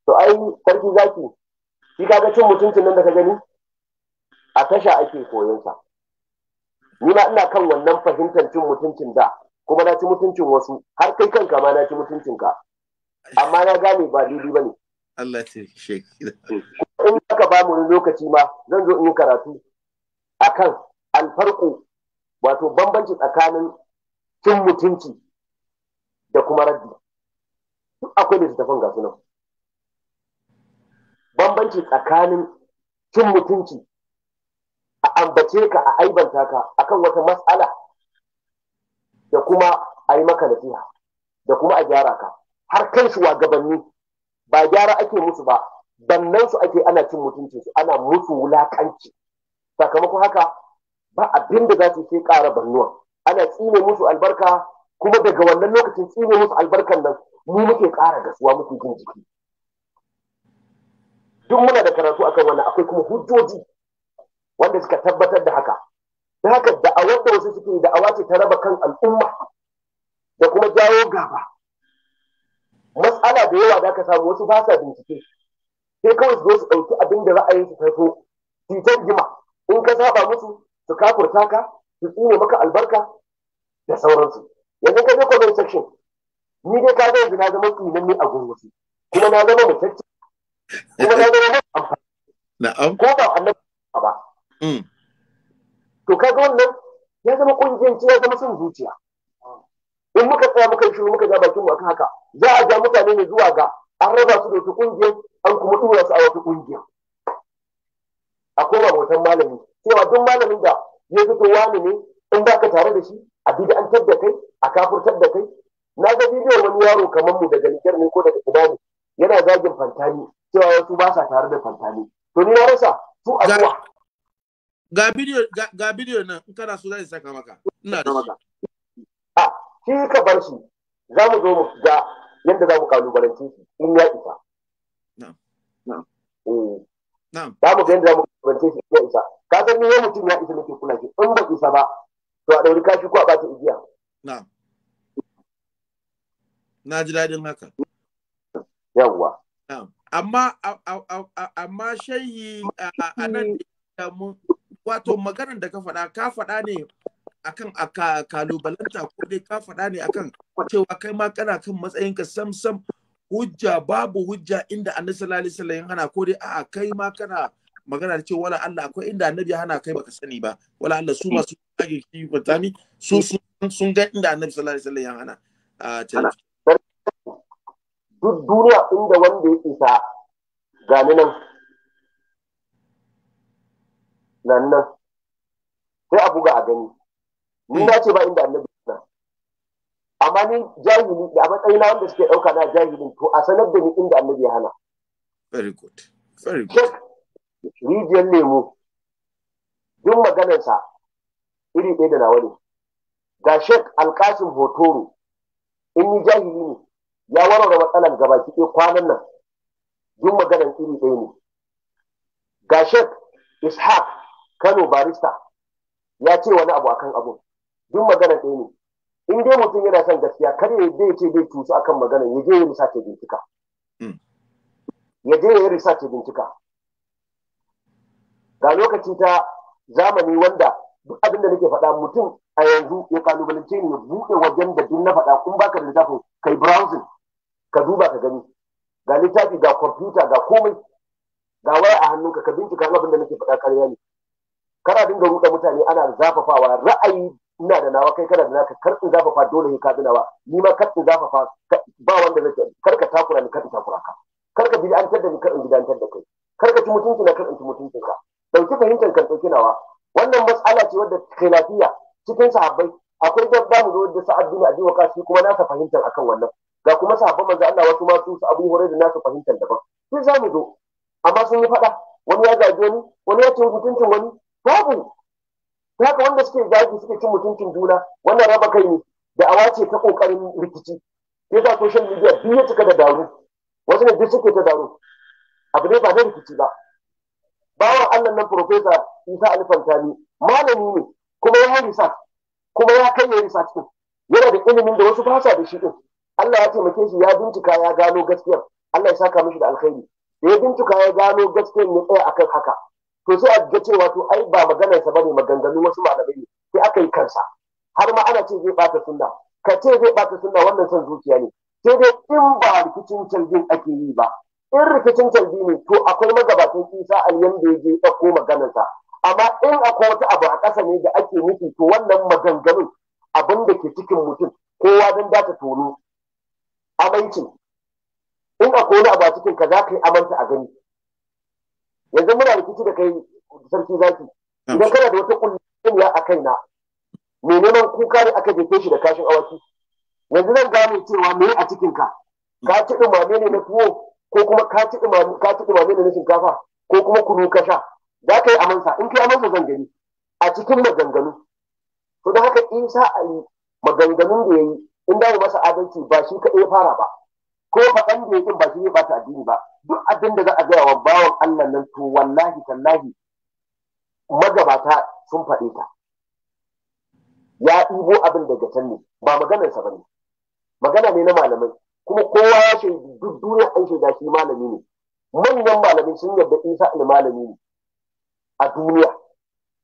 to ai sarki zaki shi kaga cin mutuncin nan da ka gani a tasha ake koyon sa ni ma ina kan wannan fahimtar cin mutuncin da kuma na ci mutuncin wasu har kai kanka ma na ci mutuncin ka amma na gane ba daidai bane Allah ta in ka ba mu lokaci ma zan zo in yi karatu akan alfarko wato bambanci tsakanin cin mutunci da kuma raddi duk akwai littattafan ga nan bambanci tsakanin cin mutunci a ambace ka a aibanta ka akan wata matsala da kuma a yi maka nasiha da kuma a gyara ka har kan gabanni ba gyara ake musu ba bannansu su ake ana cin mutuncinsu ana musu wulakanci sakamakon haka ba abin da za su sai ƙara bannuwa ana tsine musu albarka kuma daga wannan lokacin tsine musu albarkan nan mu muke ƙara gasuwa muke jin jiki duk muna da karatu akan wannan akwai kuma hujjoji wanda suka tabbatar da haka da haka da wasu suke awa ce ta raba kan al'umma da kuma jawo gaba matsala da yawa da aka samu wasu ba sa bincike sai kawai su zo su ɗauki abin da ra'ayin su ta so su ta in ka saba musu su kafurta ka su tsine maka albarka da sauransu yanzu ka je comment section ni dai ka zai na zama tsinan ne a gurgusi kuma na zama mutacce kuma na zama mai amfani ko ba annabi ba mm. to ka ga wannan ya zama kungiyanci ya zama son zuciya in muka tsaya muka yi shiru muka ja bakin mu akan haka za a ja mutane ne zuwa ga an raba su da wata kungiyar an kuma dora su a wata kungiyar a koma bautan malami cewa duk malamin da ya fito wani ne in ba ka tare da shi a bid'antar da kai a kafurtar da kai na ga bidiyon wani yaro kamar mu daga Nijar ne ko daga Kudani yana zagin fantani cewa wasu ba sa tare da fantani to ni na rasa su zuwa ga bidiyo ga bidiyo nan in kana so zai saka maka ina da maka a shi ka bar shi za mu zo mu ga yadda za mu kalubalance shi in ya isa na'am na'am na'am ba eh. mu ga yadda za mu kalubalance shi in ya isa kaga ni yau mutum ya isa nake kula shi in ba isa ba to a dauri kashi ko a bata igiya na na ji daɗin haka yawwa amma amma shehi a nan mm. wato maganar da ka faɗa ka faɗa ne akan aka kalubalanta ko dai ka faɗa ne akan cewa kai ma kana kan matsayinka sam sam hujja babu hujja inda annabi sallallahu alaihi wasallam hana ko dai a kai ma kana magana da cewa wala Allah akwai inda annabi hana kai baka sani ba wala Allah su hmm. masu kage ki fatani su hmm. sun ga inda annabi sallallahu alaihi wasallam ya hana a duk duniya inda wanda ya isa ga nan nan nan sai a buga a gani ni hmm. na ce ba inda annabi na amma ni jahili da a matsayina wanda suke ɗauka na jahilin to a sanar da ni inda annabi ya hana very good very good rijiyar lemu duk maganarsa iri ɗaya da nawa ne ga shek alkasim hotoro in yi jahili ne ya warware matsalar gaba ɗaya kwanan nan duk maganar iri ɗaya ne ga shek ishaq kano barista ya ce wani abu akan abu. duk maganar ɗaya ne in dai mutum yana son gaskiya kar ya dai ce bai cutu akan maganar ya je ya risa ce bincika hmm. ga lokaci ta zamani wanda duk abin da nake faɗa mutum a yanzu ya kalubalance ni ya buɗe wajen da duk na faɗa kun baka da littafin kai browsing ka duba ka gani ga littafi ga kwamfuta ga komai ga waya a hannunka ka bincika abin da nake faɗa ƙarya ne kana dinga ruɗa mutane ana zafafawa ra'ayi ina da nawa kai kana da naka kar in zafafa dole ne ka bi nawa ni ma kar in zafafa ba wanda zai kar ka takura ni kar ka takura ka kar ka bi an da ni kar in gidantar da kai kar ka ci mutunci na kar in ci mutuncin ka dauki fahimtar ka dauki nawa wannan matsala ce wadda khilafiya cikin sahabbai akwai da mu da da sa'ad bin abi waqas shi kuma nasa fahimtar akan wannan ga kuma sahabban manzo Allah wasu ma su Abu Hurairah nasa fahimtar daban sai za mu zo amma sun yi fada wani ya gaje ni? wani ya ce mutuncin wani babu haka wanda suke zagi suke cin mutuncin juna wannan raba kai ne da awa ce ta kokarin rikici sai sa social media Biye cika da daru wasu ne duk suke ta daru abu ne ba na rikici ba bawan Allah nan Profesa Isa Alfantani malami ne kuma ya yi kuma ya kai ya research din yana da ilimin da wasu fasa da shi din Allah ya taimake shi ya bincika ya gano gaskiyar Allah ya saka mishi da alkhairi da ya bincika ya gano gaskiyar ne tsaya akan haka to sai a ga cewa to ai ba maganar sa bane maganganun wasu malamai ne sai aka yi kansa har ma ana ce zai bata sunna ka ce zai bata sunna wannan san zuciya ne sai dai in ba rikicin canjin ake yi ba in rikicin canji ne to akwai magabatan isa aliyan da ya je ɗauko maganarsa amma in akwai wata abu a ƙasa ne da ake nufi to wannan maganganun abin da ke cikin mutum kowa don za ta tono amincin in akwai wani abu a cikin ka za ka yi amanta a gani yanzu muna rikici da kai sarki zaki idan kana da wata kulliya a na me neman kuka ne aka jefe shi da kashin awaki yanzu zan gane cewa me a cikin ka ka ci dumame ne na tuwo ko kuma ka ci dumame da na shinkafa ko kuma kunu ka sha za ka yi amansa in kai amansa zan gani a cikin maganganu to da haka isa a yi maganganun da ya yi in da masa adalci ba shi kaɗai fara ba ko faɗan da ya ba shi ne ba ta addini ba duk abin da za a gaya wa bawan Allah nan to wallahi tallahi magabata sun faɗe ta ya ɗibo abin daga can ne ba maganarsa ba ne magana ne na malamai kuma kowa ya ce duk duniya an shaida shi malami ne manyan malami sun yarda isa malami ne a duniya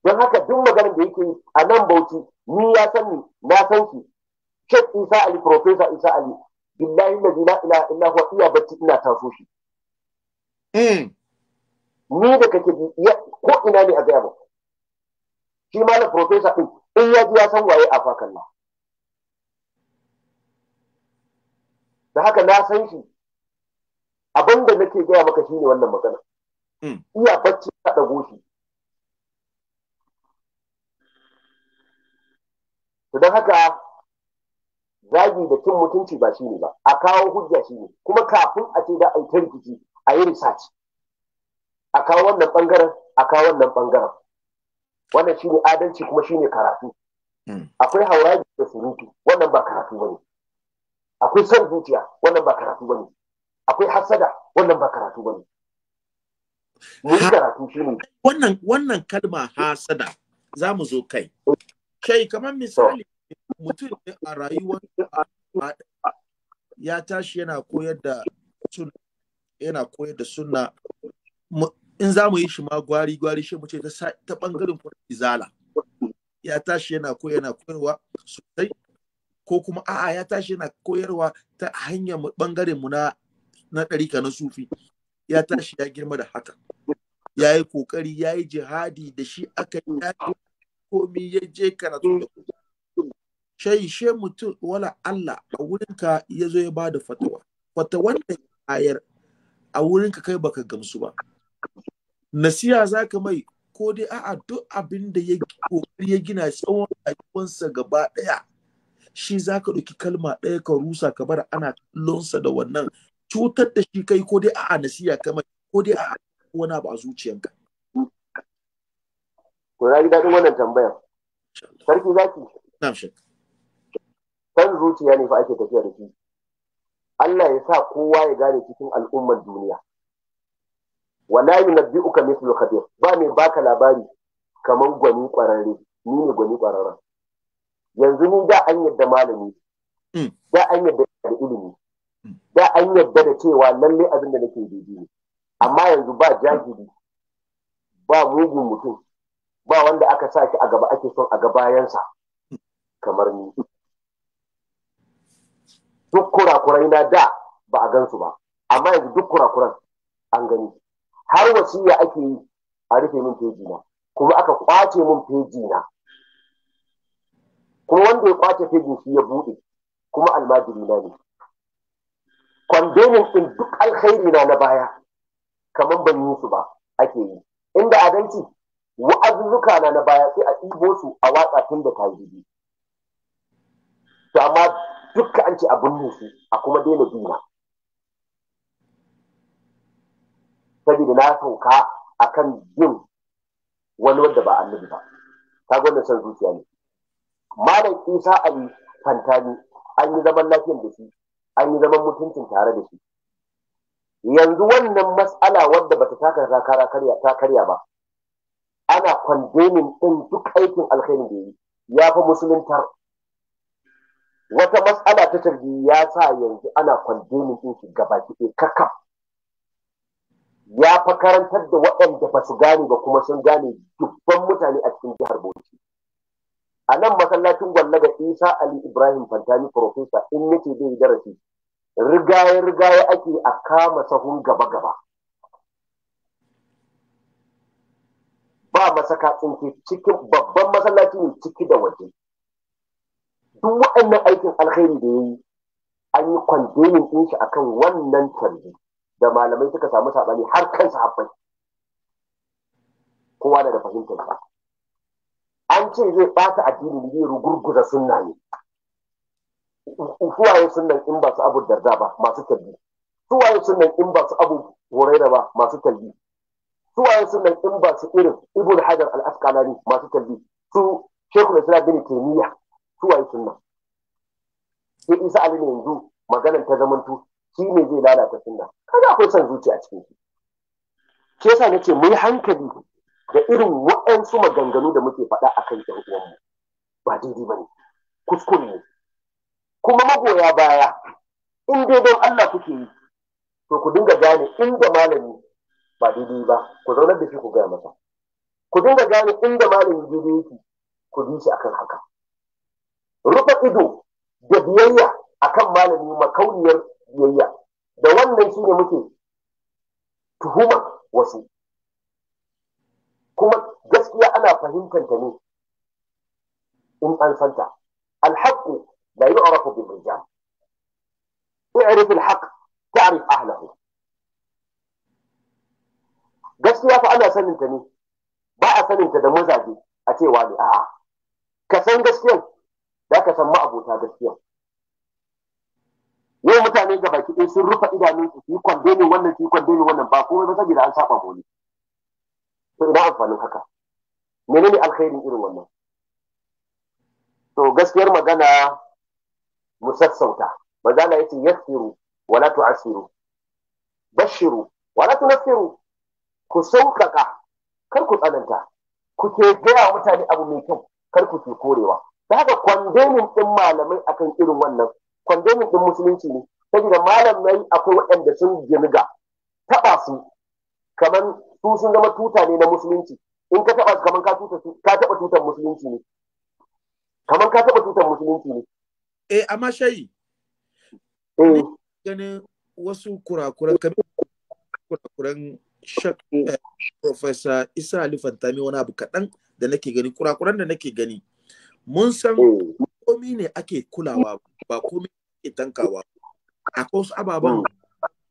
don haka duk maganar da yake yi a nan bauchi ni ya san ni na san ki, shek isa ali profesa isa ali billahi la ilaha illa huwa iya bacci ina taso shi hmm. ni da kake ko ina ne a gaya ba shi malam profesa din in ya ji ya san waye a Allah da haka na san shi abin da nake gaya maka shine wannan magana hmm. iya bacci ka dago shi don haka zagi da cin mutunci ba shine ba a kawo hujja shine kuma kafin a ce da a yi ta rikici a yi research a kawo wannan bangaren a kawo wannan bangaren wannan shine adalci kuma shine karatu hmm. akwai haurari da surutu wannan ba karatu ba ne. akwai son zuciya wannan ba karatu bane akwai hasada wannan ba karatu bane mu karatu shi ne wannan wannan kalma hasada za mu zo kai kai kamar misali mutum a rayuwar ya tashi yana koyar da sunna yana koyar da sunna in za mu yi shi ma gwari gwari shi mu ce ta bangaren kwanar izala ya tashi yana koyar yana koyarwa sosai ko kuma a'a ya tashi yana koyarwa ta hanyar bangaren mu na na ɗarika na sufi ya tashi ya girma da haka ya yi kokari ya yi jihadi da shi aka yi ya komi ya je karatu shai she mutum wala Allah a wurinka ya zo ya ba da fatawa fatawan da ayar a wurinka kai baka gamsu ba nasiha za ka mai ko dai a'a duk abin da ya gina tsawon rayuwarsa gaba ɗaya shi za ka ɗauki kalma ɗaya ka rusa ka bar ana lonsa da wannan cutar da shi kai ko dai a nasiya kama ko dai a wani abu a zuciyanka. Ko ya ji daɗin wannan tambayar. Sarki zaki. ki shek. Kan zuciya ne fa ake tafiya da shi. Allah ya sa kowa ya gane cikin al'ummar duniya. Wala yunabbi'uka mithlu khabir ba mai baka labari kaman gwani kwararre ni ne gwani kwararren. yanzu ni da an yadda malami da mm. an yadda da ilimi da mm. an yadda da cewa lalle abin da nake daidai ne amma yanzu ba jahili ba mugun mutum ba wanda aka sa shi a gaba ake son a ga bayansa mm. kamar ni duk kurakurai na da ba a gansu ba amma yanzu duk kurakuran an gani har wasiya ake yi a rufe min feji na kuma aka kwace min feji na kuma wanda ya kwace fejin shi ya buɗe kuma almajiri na ne kwandonin in duk alkhairi na na baya kamar ban yi su ba ake yi inda adalci wa'azuzzuka na na baya sai a ɗibo su a watsa tun da tajiri to amma dukka an ce abin musu a kuma daina juna saboda na sauka a kan yin wani wanda ba annabi ba Ta wannan san zuciya ne malam isa ali fantani an yi zaman lafiyar da shi an yi zaman mutuncin tare da shi yanzu wannan matsala wadda bata taka takara karya ta karya ba ana kwandemin ɗin duk aikin alkhairin da yi ya fi musuluntar wata matsala ta tarbi ya sa yanzu ana kwandemin ɗin shi gaba kiɗe kakaf ya fa karantar da waɗanda ba su gane ba kuma sun gane dubban mutane a cikin jihar bauchi a nan masallacin gwalla da isa ali ibrahim fantani profesa in yace zai darasi rigaye rigaye ake a kama sahun gaba gaba ba masaka tsinke cikin babban masallaci ne ciki da waje duk waɗannan aikin alkhairi da ya yi an yi kwandenin ɗin shi kan wannan tarbi da malamai suka samu saɓani har kan sahabbai kowa da fahimtar sa an ce zai ɓata addinin zai rugurguza sunna ne suwaye sunnan in ba su abu darda ba masu talbi suwaye sunnan in ba su abu huraira ba masu talbi suwaye sunnan in ba su irin da hajar al-asqalani masu talbi su da islam bin taymiya suwaye sunan? sai isa ali ne yanzu maganar ta zamantu shi ne zai lalata sunna kaga akwai son zuciya cikin shi ke yasa nace mu yi hankali da irin waɗansu maganganu da muke faɗa a kan uwanmu ba daidai ba ne kuskure ne kuma magoya baya in dai don Allah kuke yi to ku dinga gane inda malami ba daidai ba ku zaunar da shi ku gaya masa ku dinga gane inda malami daidai yake ku bi shi akan haka rufe ido da biyayya akan malami makauniyar biyayya da wannan shine muke tuhuma wasu ana fahimtar ta ne in an santa alhaqqu la yu'rafu bil rijal i'rif alhaqq ta'rif ahlahu gaskiya fa ana sanin ta ne ba a sanin ta da mazaje a cewa ne a'a ka san gaskiyan Za ka san ma'abota gaskiyan yau mutane ga baki ɗaya sun rufe idanun su yi kwande ne wannan su yi kwande ne wannan ba komai ba saboda an saba boli to ina amfanin haka ne alkhairin irin wannan to gaskiyar magana mu sassauta magana yace yassiru wala tu'asiru bashiru wala tunassiru ku sauƙaƙa kar ku tsananta ku ke gaya wa mutane abu mai kyau kar ku ke korewa da haka kwandemin ɗin malamai akan irin wannan kwandemin ɗin musulunci ne saboda malamai akwai waɗanda sun girga taɓa su kamar su sun zama tuta ne na musulunci in ka taba kamar ka tuta ka taba tutan musulunci ne kamar ka taba tutan musulunci ne eh amma shayi eh ganin wasu kurakuran kurakuran shak eh. Eh, professor Isa Ali Fantami wani abu kaɗan da nake gani kurakuran da nake gani mun san eh. komi ne ake kulawa ba komi ake tankawa akwai wasu ababen hmm.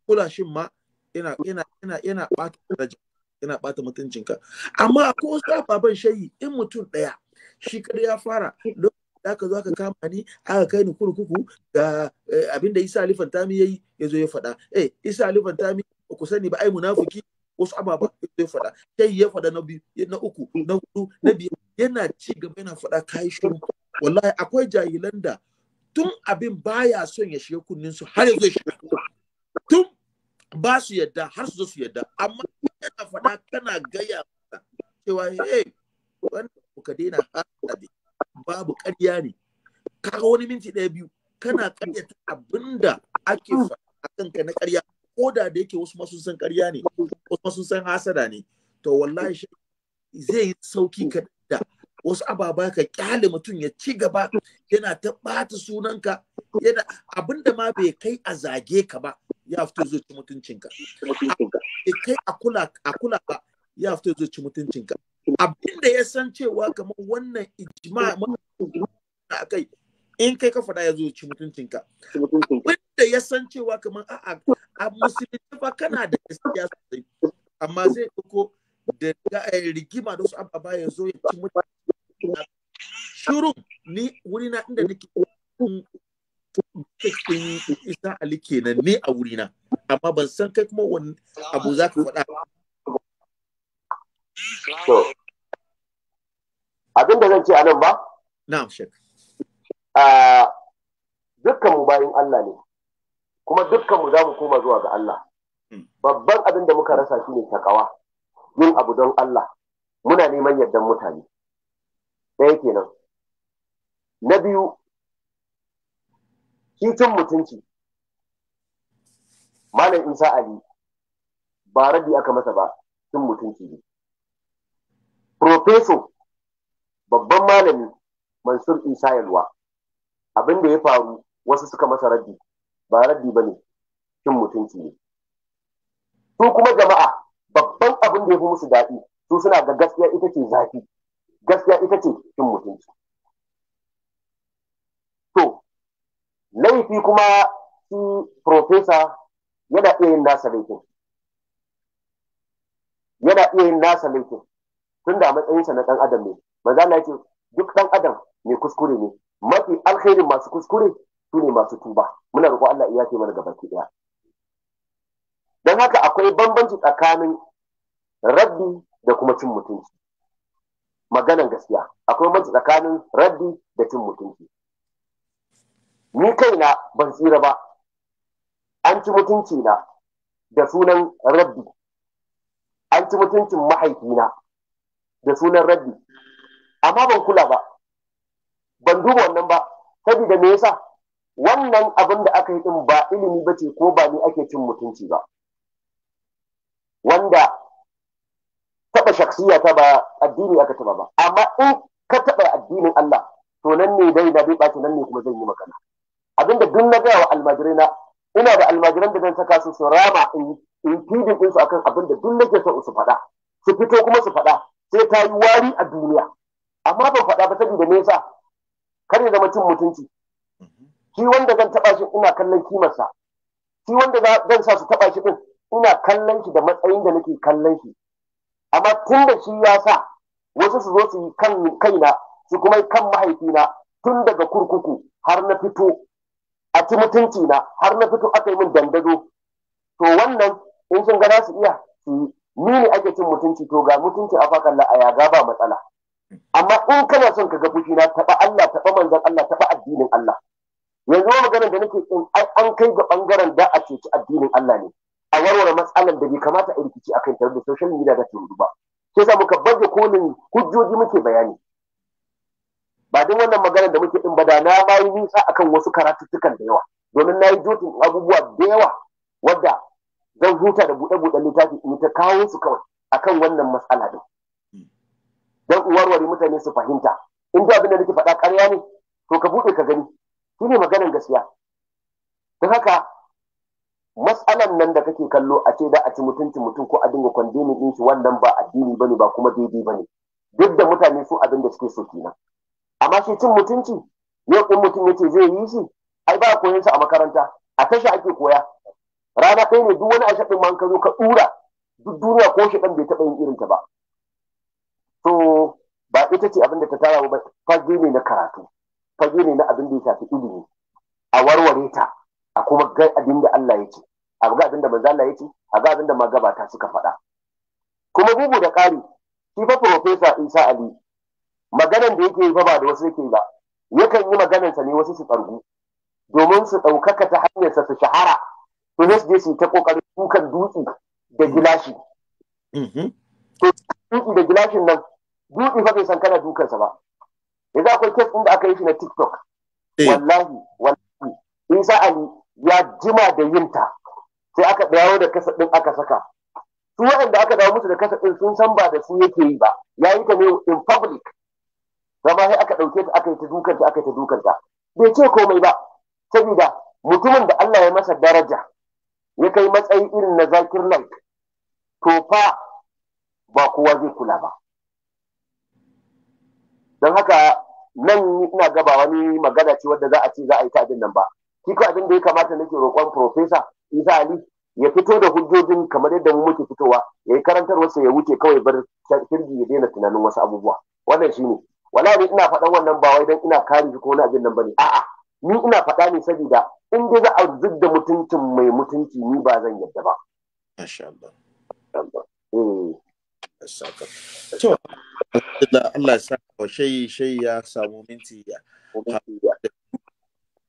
kula shin ma yana yana yana yana daraja yana bata mutuncinka amma akwai wasu ababen shayi in mutum ɗaya shi kada ya fara da ka zo aka kama ni aka kai ni kurkuku ga eh, abinda isa ali fantami yayi ya zo ya faɗa eh isa ali fantami ku sani ba ai munafiki wasu ababa ya faɗa sai ya faɗa na biyu na uku na hudu na biyu yana ci gaba yana faɗa kai shiru wallahi akwai jahilan da tun abin baya son ya shiga kunnin su har yanzu ya shiga tun ba su yadda har su zo su yadda amma kana faɗa kana gaya cewa hey wannan ka daina haɗa babu ƙarya ne kaga wani minti ɗaya biyu kana ƙaryata abinda ake faɗa kan ka na ƙarya ko da da yake wasu masu san ƙarya ne wasu sun san hasada ne to wallahi shi zai yi sauki ka da wasu ababa ka kyale mutum ya ci gaba yana ta ɓata sunanka yana abinda ma bai kai a zage ka ba ya fito zai ci mutuncinka kai a kula a kula ba ya fito zai ci mutuncinka abinda ya san cewa kamar wannan ijma a kai in kai ka faɗa ya zo ci mutuncinka abinda ya san cewa kamar a a musulunci ba kana da gaskiya sosai amma zai ɗauko da eh, rigima da wasu ababa ya zo ya ci mutuncinka shirun ni wuri na inda nake cikin isa ali kenan ne a wurina amma ban san kai kuma wani abu za ka faɗa to abin da zan ce anan ba na'am shek dukkan mu bayin Allah ne kuma dukkan mu za mu koma zuwa ga Allah hmm. babban abin da muka rasa shine takawa yin abu don Allah muna neman yardan mutane ɗaya kenan na biyu shi cin mutunci malam isa ali ba rabi aka masa ba cin mutunci ne profeso babban malami mansur isa yalwa abin da ya faru wasu suka masa rabi ba rabi ba ne cin mutunci ne su kuma jama'a babban abin da ya fi musu daɗi su suna ga gaskiya ita ce zafi gaskiya ita ce cin mutunci laifi kuma shi profesa yana iya yin nasa laifin yana iya yin nasa laifin tun da matsayinsa na ɗan adam ne na ce duk ɗan adam mai kuskure ne mafi alkhairin masu kuskure su ne masu tuba muna roƙo Allah ya ce mana gabaki ɗaya don haka akwai bambanci tsakanin rabbi da kuma cin mutunci maganan gaskiya akwai bambanci tsakanin rabbi da cin mutunci ni kaina ban tsira ba an ci mutunci na da sunan rabbi an ci mutuncin mahaifina da sunan rabbi amma ban kula ba ban duba wannan ba saboda me yasa wannan abin da aka yi din ba ilimi ba ce ko ba ni ake cin mutunci ba wanda taɓa shaksiya ta ba addini aka taɓa ba amma in ka taɓa addinin Allah to nan ne dai da bai ɓaci nan ne kuma zan yi magana abinda duk na gaya wa almajirai na ina da almajiran da zan saka su su rama in fidin ɗinsu akan abin da duk nake son su faɗa su fito kuma su faɗa sai ta yi wari a duniya amma ban faɗa ba saboda me yasa kar ya zama cin mutunci mm-hmm. shi wanda zan taɓa shi ina kallon kimarsa shi wanda zan sa su taɓa shi ɗin ina kallon shi da matsayin da nake kallon shi amma tun da shi ya sa wasu su zo su yi kan kaina su kuma yi kan mahaifina tun daga kurkuku har na fito a ci mutunci na har na fito aka yi min dandado to wannan in sun ga su iya su ni ne ake cin mutunci to ga mutunci a fakalla a yaga ba matsala amma in kana son ka ga fushi na taba Allah taba manzon Allah taba addinin Allah yanzu ma magana da nake in an kai ga bangaren da a ceci addinin Allah ne a warware matsalar da bai kamata a rikici akan tare da social media da turudu ba sai sa muka baje kolin hujjoji muke bayani ba don wannan magana da muke ɗin ba da na bayi nisa akan wasu karatuttukan da yawa domin na yi jotun abubuwa da yawa wadda zan huta da buɗe-buɗe littafi in ta kawo su kawai akan wannan matsala din don warware mutane su fahimta in da abin da nake faɗa ƙarya ne to ka buɗe ka gani shi ne maganar gaskiya Ta haka matsalan nan da kake kallo a ce da a ci mutunci mutum ko a dinga kwandemin ɗin shi wannan ba addini bane ba kuma daidai bane duk da mutane su abin da suke so kenan amma shi cin mutunci yau in mutum yace zai yi shi ai ba koyon sa a makaranta a tasha ake koya rana kai ne duk wani ashaɗin ɗin man ka zo ka ɗura duk duniya ko shi ɗan bai taɓa yin irinta ba to ba ita ce abin da ta tara ba fage ne na karatu fage ne na abin da ya shafi ilimi a warware ta a kuma ga abin Allah ya ce a ga abin da manzo Allah ya ce a ga abin da magabata suka faɗa kuma bugu da ƙari shi fa Profesa Isa Ali maganan da yake yi ba da wasu yake yi ba yakan yi maganarsa ne wasu su tsargu domin su ɗaukaka ta hanyarsa su shahara to ne su je su ta ƙoƙarin dukan dutse da mm. gilashi mm-hmm. to dutse da gilashin nan dutse fa bai san kana dukansa ba yanzu akwai kes ɗin da aka yi shi na tiktok eh. wallahi wallahi isa ali ya jima da yinta sai aka dawo da kasa ɗin aka saka su waɗanda aka dawo musu da kasa ɗin sun san ba da su yake yi ba ya yi ta ne in public rama sai aka ɗauke ta aka yi ta dukanta aka yi ta dukanta bai ce komai ba saboda mutumin da Allah ya masa daraja ya kai matsayi irin na zakir nan to fa ba kowa zai kula ba don haka nan ina gaba wani magana ce wadda za a ce za a yi ta abin nan ba kika abin da ya kamata nake roƙon profesa isa ali ya fito da hujjojin kamar yadda mu muke fitowa ya yi karantar wasu ya wuce kawai bar kirji ya daina tunanin wasu abubuwa wannan shi ne. wala ne ina faɗan wannan ba wai dan ina kare shi ko wani abin nan bane a'a ni ina faɗa ne saboda in dai za a da mutuncin mai mutunci ni ba zan yadda ba masha Allah eh. to Allah ya sa ya samu minti ya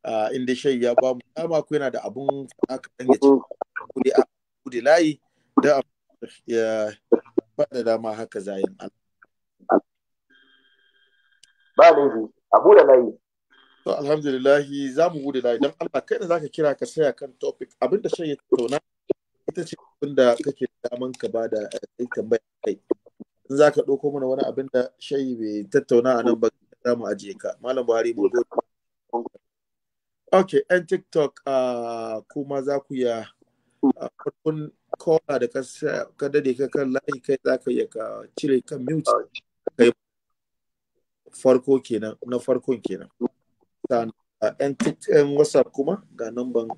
ah, ba mu dama ko yana da abun faɗa kaɗan ya ce mm-hmm. kudi layi da ya da dama haka zayin Allah ba laifi a bude layi to alhamdulillah za mu bude layi don Allah kai da zaka kira ka saya kan topic abinda shan ya tattauna ita ce abinda kake daman ka bada da eh, tambaya kai in zaka ɗauko mana wani abin da shayi bai tattauna a nan ba za mu ajiye ka malam Buhari mu gode Ok, ‘yan TikTok uh, kuma za ku ya farkon ah, uh, kola da ka dade ka kan layi kai za ka iya ka cire kan mute. farko kenan na farkon kenan a yan eh, whatsapp kuma ga nan ban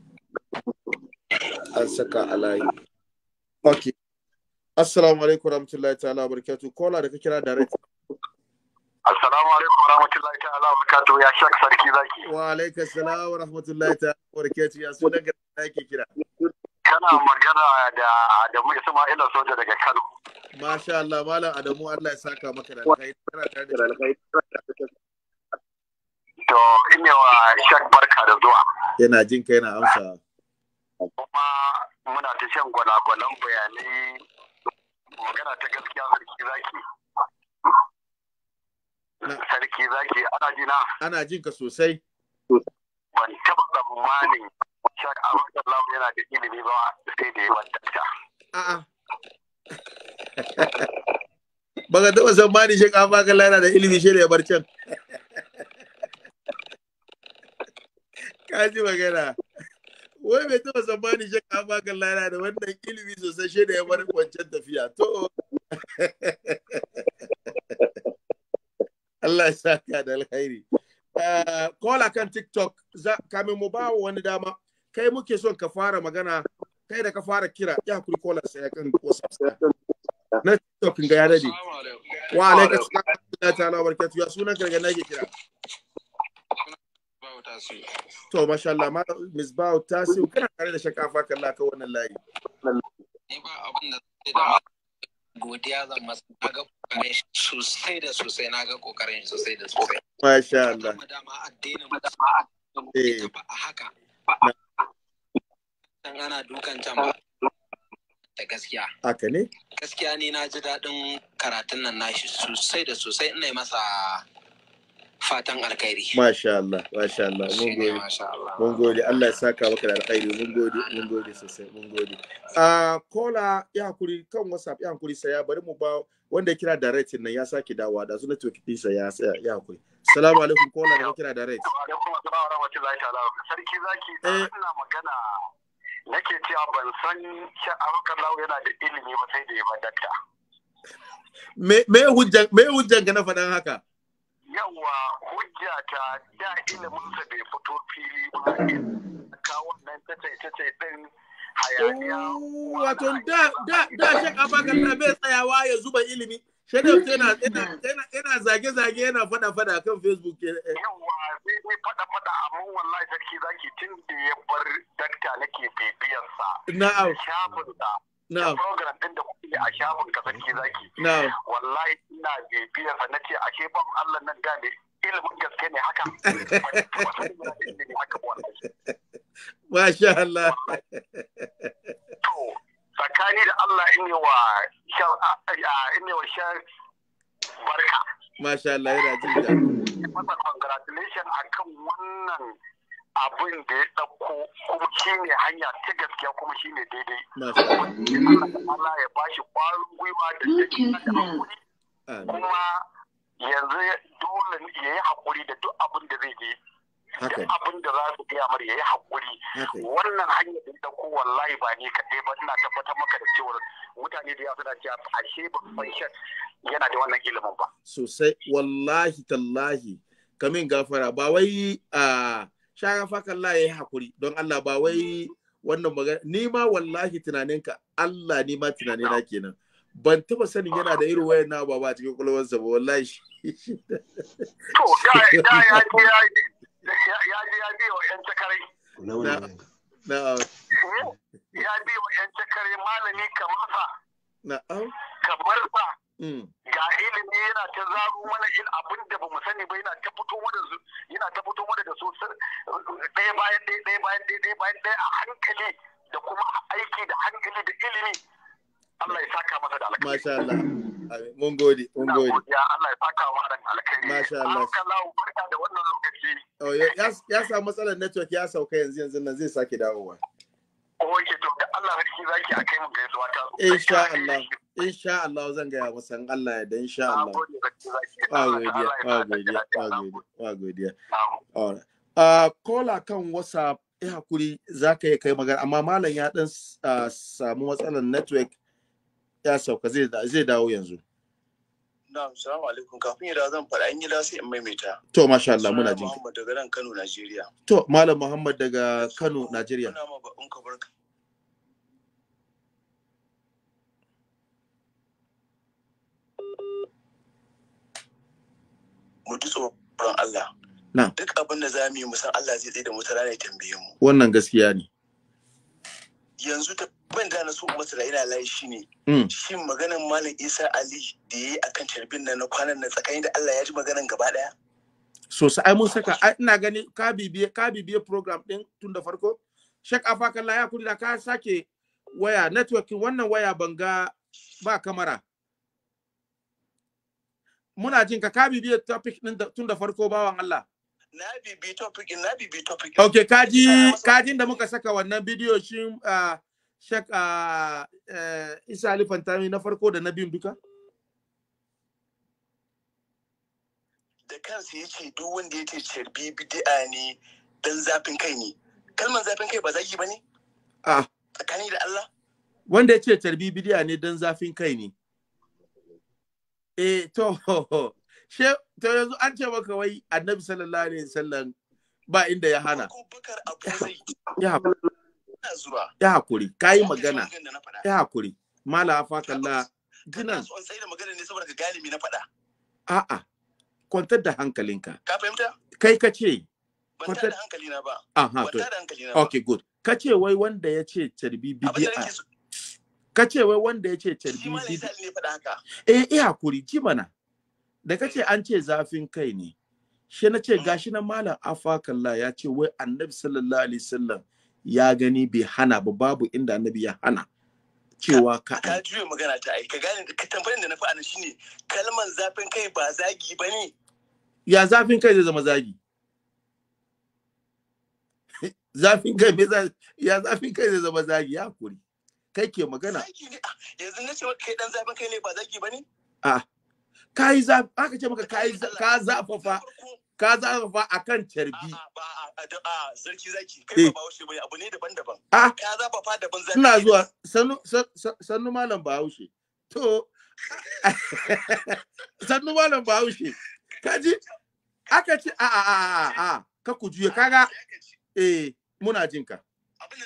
an saka a layi ok assalamu alaikum rahmatullahi ta'ala barakatuh kola da ka kira rai assalamu alaikum rahmatullahi ta'ala barakatuh ya shak sarki zaki wa alaikum assalam wa rahmatullahi ta'ala barakatuh ya sunan ga ke kira kana magana da da mu Isma'ila soja daga Kano Masha Allah, Malam Adamu Allah ya saka maka da alkhairi. To, ina wa Shak barka da zuwa. Yana jin kai na amsa. Kuma muna ta shan gwalagwalan bayanai magana ta gaskiya sarki zaki. Sarki zaki ana ji na. Ana jin ka sosai. Ban taɓa tsammanin Shak Abdullahi yana da ilimi ba sai da ya wadanta. A'a. Baka taɓa tsammani shi kafa kan lana da ilimi shi ya bar can. Ka ji magana. Wai bai taɓa tsammani shi kafa kan lana da wannan ilimi sosai shi ya bar wancan tafiya. To. Allah ya saka da alkhairi. Ah, akan TikTok, kamin mu ba wani dama, kai muke son ka fara magana kai da ka fara kira ya kuri kola sai ya kan whatsapp na tiktok ga ya ne wa ka salam ta na barkatu ya sunan karga nake kira to masha Allah ma misbahu tasiu kana tare da shakafa kalla ka wannan layi ni ba abin da zai da godiya zan masa na ga kokarin sosai da sosai na ga kokarin sosai da sosai masha Allah madama addinin madama dama ba eh. a haka ana dukan jama'a ah. da gaskiya. Haka ne? Gaskiya ne na ji daɗin karatun nan nashi sosai da sosai ina masa fatan alkhairi. Masha Allah, masha Allah, mun gode. Mun gode, Allah ya saka maka da alkhairi, mun gode, mun gode sosai, mun gode. Ah, kola ya hakuri kan WhatsApp ya hakuri saya bari mu ba wanda ya kira direct nan ya saki dawa da su na toki pizza ya ya hakuri. Assalamu alaikum kola da kira direct. Wa alaikum assalam wa rahmatullahi ta'ala. Sarki zaki eh. ina magana nake cewa ban san sha'awakallahu yana da ilimi ba sai da ya madatta me hujjan ka na faɗan haka Yawwa hujja ta da iliminsa bai fito fili ba kawo nan ta ce ta ce din hayaniya wato da da da shek abakan bai tsayawa ya zuba ilimi Shadow yana yana zage-zage yana fada-fada kan Facebook. Eh, eh. Yawwa sai dai fada-fada amma wallahi sarki zaki tun da ya bar dakta nake bibiyan sa. Na'am. Shafinsa. Na'am. Program din da kuke a shafin ka sarki zaki. Na'am. Wallahi ina bibiyansa nace ashe ban Allah nan da ne ilimin gaske ne haka. Masha Allah. To tsakani da Allah in yi wa shan barka. Masha Allah yana jin da. Masa congratulation akan wannan abin da ya ɗauko kuma shi ne hanya ta gaskiya kuma shi ne daidai. Masha Allah ya ba shi ƙwarin gwiwa da yake kuma yanzu dole ya yi haƙuri da duk abin da zai je. abin da za su gaya mar yayi hakuri wannan hanyar da ko wallahi ba ne kaɗai ba ina tabbatar maka da cewa mutane da yawa suna cewa ashe ba shan yana da wannan ilimin ba sosai wallahi tallahi kamin gafara ba wai a sharafa yayi hakuri don Allah ba wai wannan magana ni ma wallahi tunaninka Allah ni ma tunanina kenan ban taba sanin yana da irin wayan na ba ba cikin kulwarsa ba wallahi to ga ya ya ya je ya biya wa 'yan takarai. Eh, ya biya wa 'yan takarai malami kamar sa. Kamar mm. Ga ilimi yana ta zaro mana in abin da ba mu sani ba yana ta fito yana ta fito da so ɗaya bayan ɗaya ɗaya bayan ɗaya ɗaya bayan ɗaya a hankali da kuma aiki da hankali da ilimi. Allah ya saka masa da alƙalai. Masha Allah. mun gode mun gode ya Allah ya saka wa da alkhairi masha Allah Allah barka da wannan lokaci oh ya ya samu matsalar network ya sauka yanzu yanzu nan zai sake dawowa Oke to da Allah harki zaki a kai mu ga gaisuwa ta insha Allah insha Allah zan ga ya musan Allah ya da insha Allah ba godiya ba godiya ba godiya ba godiya all right uh, kan WhatsApp ya hakuri zaka yi kai magana amma malam ya dan uh, samu matsalar network ya sauka zai dawo yanzu na'am salamu alaikum kafin yadda zan faɗa in yi da sai in maimaita to masha Allah muna jin Muhammad daga nan Kano Najeriya to malam Muhammad daga Kano Najeriya mu ji tsoron Allah duk abin da za mu yi musan Allah zai tsaye da mu ta rana ya tambaye mu wannan gaskiya ne yanzu ta ban da na so masa da ina layi shine hmm. shin maganan malam Isa Ali da ya yayi kan tarbin nan na kwanan nan tsakanin da Allah ya ji maganan gaba daya so sai mun saka ina gani ka bibiye program din tun da farko Sheikh Afakalla ya kuri da ka sake waya networking wannan waya banga ba kamara. muna jin ka ka bibiye topic din tun da farko bawan Allah na bibi topic na bibi topic okay kaji kajin da muka saka wannan bidiyo shin ah, shak ah, eh, isa ali fantami na farko da na biyun duka da kansa ya ce duk wanda ya ce carbi bidi'a ne dan zafin kai ne kalman zafin kai ba zagi ba ne a ah. tsakani da Allah wanda ya ce carbi bidi'a ne dan zafin kai ne eh to she to yanzu an ce maka wai annabi sallallahu alaihi wasallam ba inda ya hana ya hakuri kai magana ya hakuri mala afakalla gina an sai da magana ne saboda ka galimi na fada a a kwantar da hankalinka ka fahimta kai ka ce kwantar da hankalina ba aha to okay good ka ce wai wanda ya ce carbi bidi'a ka ce wai wanda ya ce carbi bidi'a eh eh hakuri ji mana da kace an ce zafin kai ne shi na ce mm. gashi na malam afakalla ya ce wai annabi sallallahu alaihi wasallam ya gani bai hana ba babu inda annabi ya hana cewa ka ka juye magana ta ai ka gane ka tambayin da na faɗa shine kalman zafin kai ba zagi bane ya zafin kai zai zama zagi zafin kai bai ya zafin kai zai zama zagi ya kuri kai ke magana ah, yanzu ne ce kai dan zafin kai ne ba zagi bane a ah, kai za aka ce maka ka zafafa ka zafafa akan tarbi ina zuwa sannu sannu malam to sannu malam kaji aka ce a a a ka kuju eh, ka abin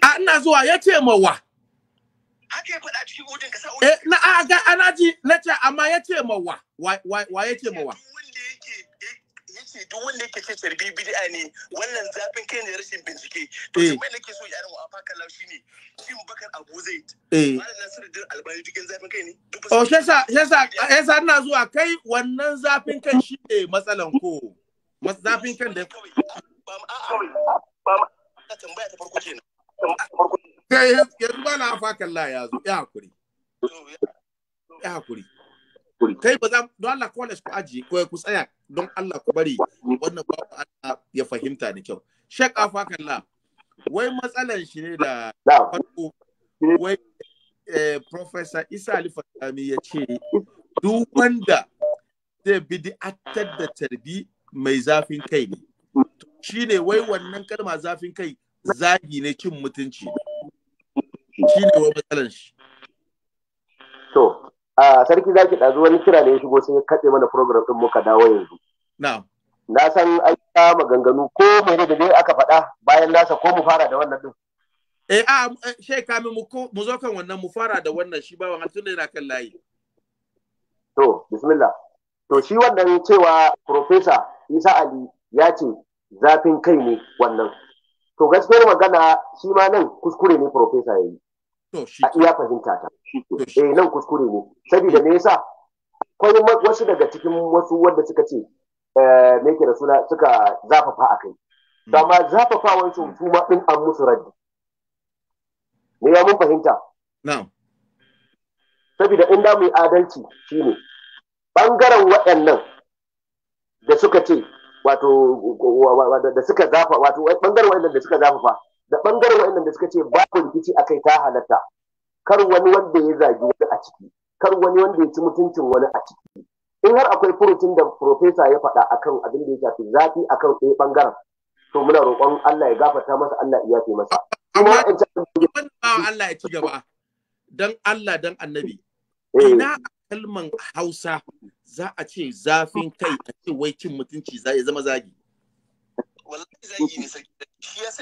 da ina zuwa ya ce ma wa haka ya faɗa cikin hudun ka sa eh na a ga anaji na ce amma ya ce ma wa wa ya ce duk wanda yake ce tarbi bid'a ne wannan zafin kai ne rashin bincike to shi eh. mai nake so yaran wa afaka lau shine shin bakar abu zai eh wannan nasiruddin albani dukkan zafin kai ne oh shesa shesa shesa ina zuwa kai wannan zafin kan shi ne matsalan ko zafin kan da ba ma a'a ba ma tambaya ta farko kenan Kai yanzu ba na fa kalla ya zo, ya hakuri. Ya hakuri. Kai ba za don Allah ko ku aji ko ku tsaya don Allah ku bari wannan ba Allah ya fahimta da kyau. Shek afa kalla. Wai matsalan shi ne da farko wai eh, Professor Isa Ali Fatami ya ce duk wanda zai bid'atar da tarbi mai zafin kai ne. shine wai wannan kalma zafin kai zagi ne cin mutunci shi ne wa matsalan shi to a sarki zaki ɗazu wani kira da ya shigo sai ya katse mana program ɗin muka dawo yanzu na'am na san an ta maganganu ko mai da dai aka faɗa bayan nasa ko mu fara da wannan ɗin. eh a eh, shai kamin mu zo kan wannan mu fara da wannan shi bawan har tunda yana kan layi to bismillah to shi wannan cewa Profesa Isa Ali ya ce zafin kai ne wannan to gaskiyar magana shi ma nan kuskure ne Profesa ya yi. To Iya fahimta ta. Eh nan kuskure ne. Saboda me yasa akwai wasu daga cikin wasu wanda suka ce eh, me ke da suna suka zafafa a kai. Dama hmm. zafafa wancan su ma din an musu raddi. Me ya mun fahimta? Na'am. Saboda in da mai adalci shine bangaren waɗannan da suka ce wato da suka zafa wato bangaren waɗannan da suka zafafa da bangaren wa'annan da suka ce babu rikici akai ta halatta kar wani wanda ya zagi wani a ciki kar wani wanda ya ci mutuncin wani a ciki in har akwai furucin da profesa ya faɗa akan abin da ya shafi zafi akan ɗaya bangaren to muna roƙon Allah ya gafarta masa Allah ya yafe masa Allah ya ci gaba dan Allah dan annabi eh. ina kalman Hausa za a ce zafin kai a ce wai mutunci za ya zama zagi wallahi zagi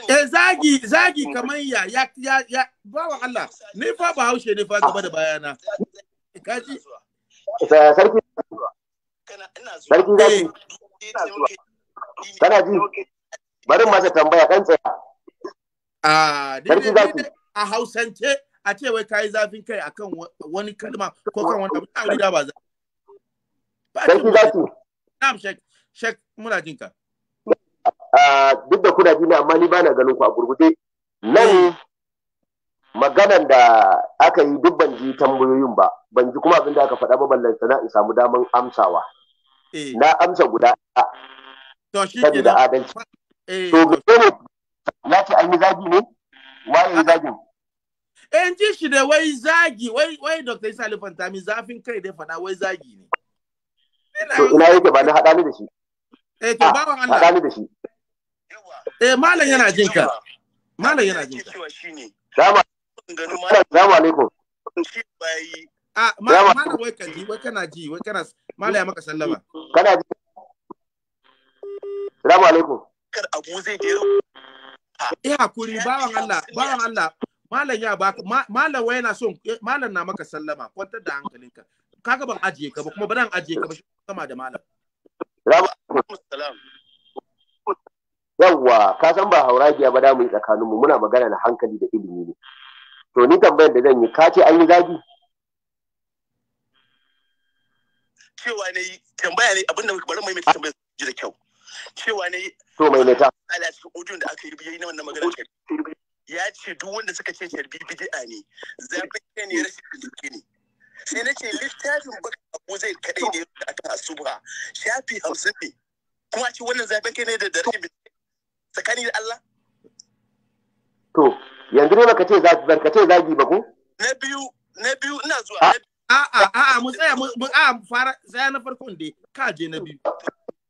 ne eh zagi zagi kamar ya ya ya, ya wa Allah ni fa ba haushe ne fa gaba da bayana kaji sarki sarki eh. zagi kana ji bari masa tambaya kan tsaya a ah, sarki zagi a hausance a ce wai kayi zafin kai akan wani kalma ko kan wani abu ta ba za sarki zagi na'am shek shek muna jinka duk da kuna jini amma ni bana ganin ku a gurguje nan hmm. maganan da aka yi duk ban ji tambayoyin ba ban ji kuma abin da aka faɗa ba ballan sana in samu daman amsawa eh. na amsa guda to shi ke da adalci eh, to ne ya ce an yi zagi ne waye zagin eh ji shi da wai zagi wai wai Dr. Isa alifan Fantami zafin kai dai faɗa wai zagi ne to ina yake ba ni haɗa ni da shi eh to ah, bawan Allah haɗa ni da shi Eh malam yana jin ka. Malam yana jin ka. Salamu alaikum. Ah malam wai kan ji wai kana ji wai kana malam ya maka sallama. Kana ji. Salamu alaikum. Kar abu zai je. Eh hakuri bawan Allah bawan Allah malam ya baka malam wai yana son eh, malam na maka sallama kwantar da hankalinka. Kaga ban ajiye ka ba kuma ban ajiye ka ba kama da malam. Salamu alaikum. yawwa ka san ba hauragiya ba da mu yi tsakanin mu muna magana na hankali da ilimi ne to ni tambayar da zan yi ka ce an yi zagi cewa ne tambaya ne abinda bari mai mai tambaya ji da kyau cewa ne to mai mata ala cikin ujun da aka yi biyayi na wannan magana ya ce duk wanda suka ce tarbi bid'a ne zafi ne ne rashin duki ne sai na ce littafin ba abu zai kadai ne akan asuba shafi hamsin ne kuma ce wannan zafi kai ne da rashin tsakani da Allah to yanzu ne baka ce zagi baka ce zagi ba ko na biyu na biyu ina zuwa ah. a a a a mu tsaya mu a fara tsaya na farkon dai ka je na biyu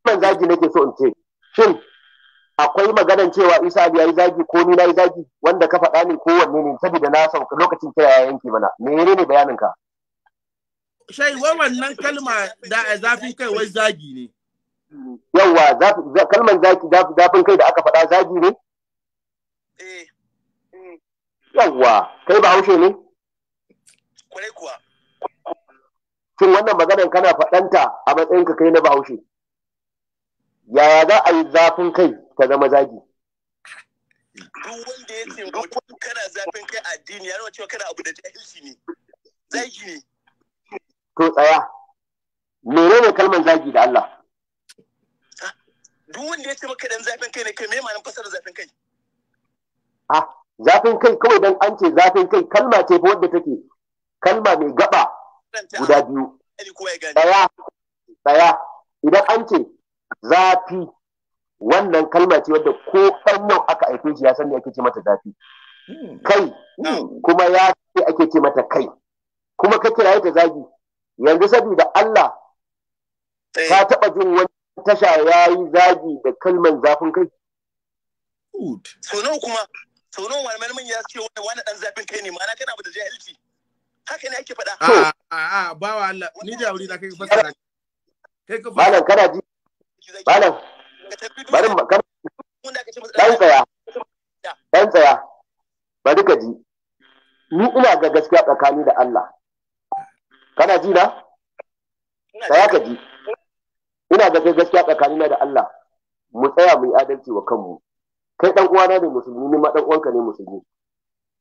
man zagi nake so in ce shin akwai maganan cewa Isa ya yi zagi ko ni na yi zagi wanda ka faɗa ni ko wanne ne saboda na san lokacin kira ya yanke mana menene ne bayanin ka shai wai wannan kalma da zafin kai wai zagi ne yawwa kalmar zaki zafin kai da aka faɗa zagi ne eh. yawwa kai ba haushe ne kwarai kuwa shin wannan maganar kana faɗanta a matsayinka kai na bahaushe yaya za a yi zafin kai ta zama zagi duk wanda ya ce mutum kana zafin kai addini ya nuna cewa kana abu da jahilci ne zagi ne to tsaya menene kalmar zagi da Allah duk wanda ya ce maka dan zafin kai ne kai me ma'anar zafin kai ah, zafin kai kawai dan an ce zafin kai kalma ce fa wadda take kalma mai gaba guda biyu daya daya idan an ce zafi wannan kalma ce wadda ko ɗan aka haife shi ya san me ake ce mata zafi hmm. kai ah. kuma ya ce ake ce mata kai kuma ka kira ta zagi yanzu saboda Allah eh. ka taɓa jin wani tasha ya yi zagi da kalman zafin kai? Sau nawa kuma, sau nawa wani ya ce wani ɗan zafin kai ne, ma'ana kana ji. Dan tsaya. Dan ka ji. Ni ina ga gaskiya tsakani da Allah. Kana ji Tsaya ka ji. ina ga gaskiya tsakanina da Allah mu tsaya mu yi adalci wa kanmu kai dan uwana ne musulmi ni ma dan uwanka ne musulmi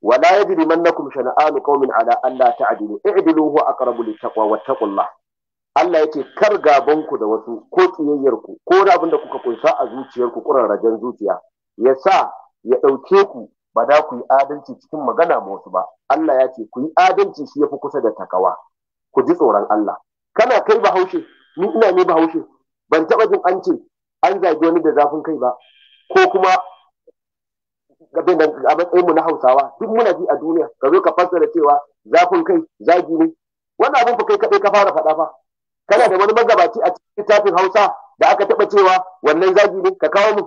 wala yajri mannakum shana'anu qaumin ala alla ta'dilu i'dilu huwa aqrabu littaqwa wattaqullah Allah yake kar gabanku da wasu ko ku, ko da abin da kuka kunsa a zuciyar ku kurarrajen zuciya ya sa ya ɗauke ku ba da ku yi adalci cikin magana ma wasu ba Allah ya ce ku yi adalci shi ya fi kusa da takawa ku ji tsoron Allah kana kai bahaushe ni ina ne bahaushe ban taba jin an ce an zage wani da zafin kai ba ko kuma a matsayinmu na hausawa duk muna ji a duniya ka zo ka fassara cewa zafin kai zagi ne wannan abin fa kai kaɗai ka fara faɗa fa kana da wani magabaci a cikin littafin hausa da aka taba cewa wannan zagi ne ka kawo mu.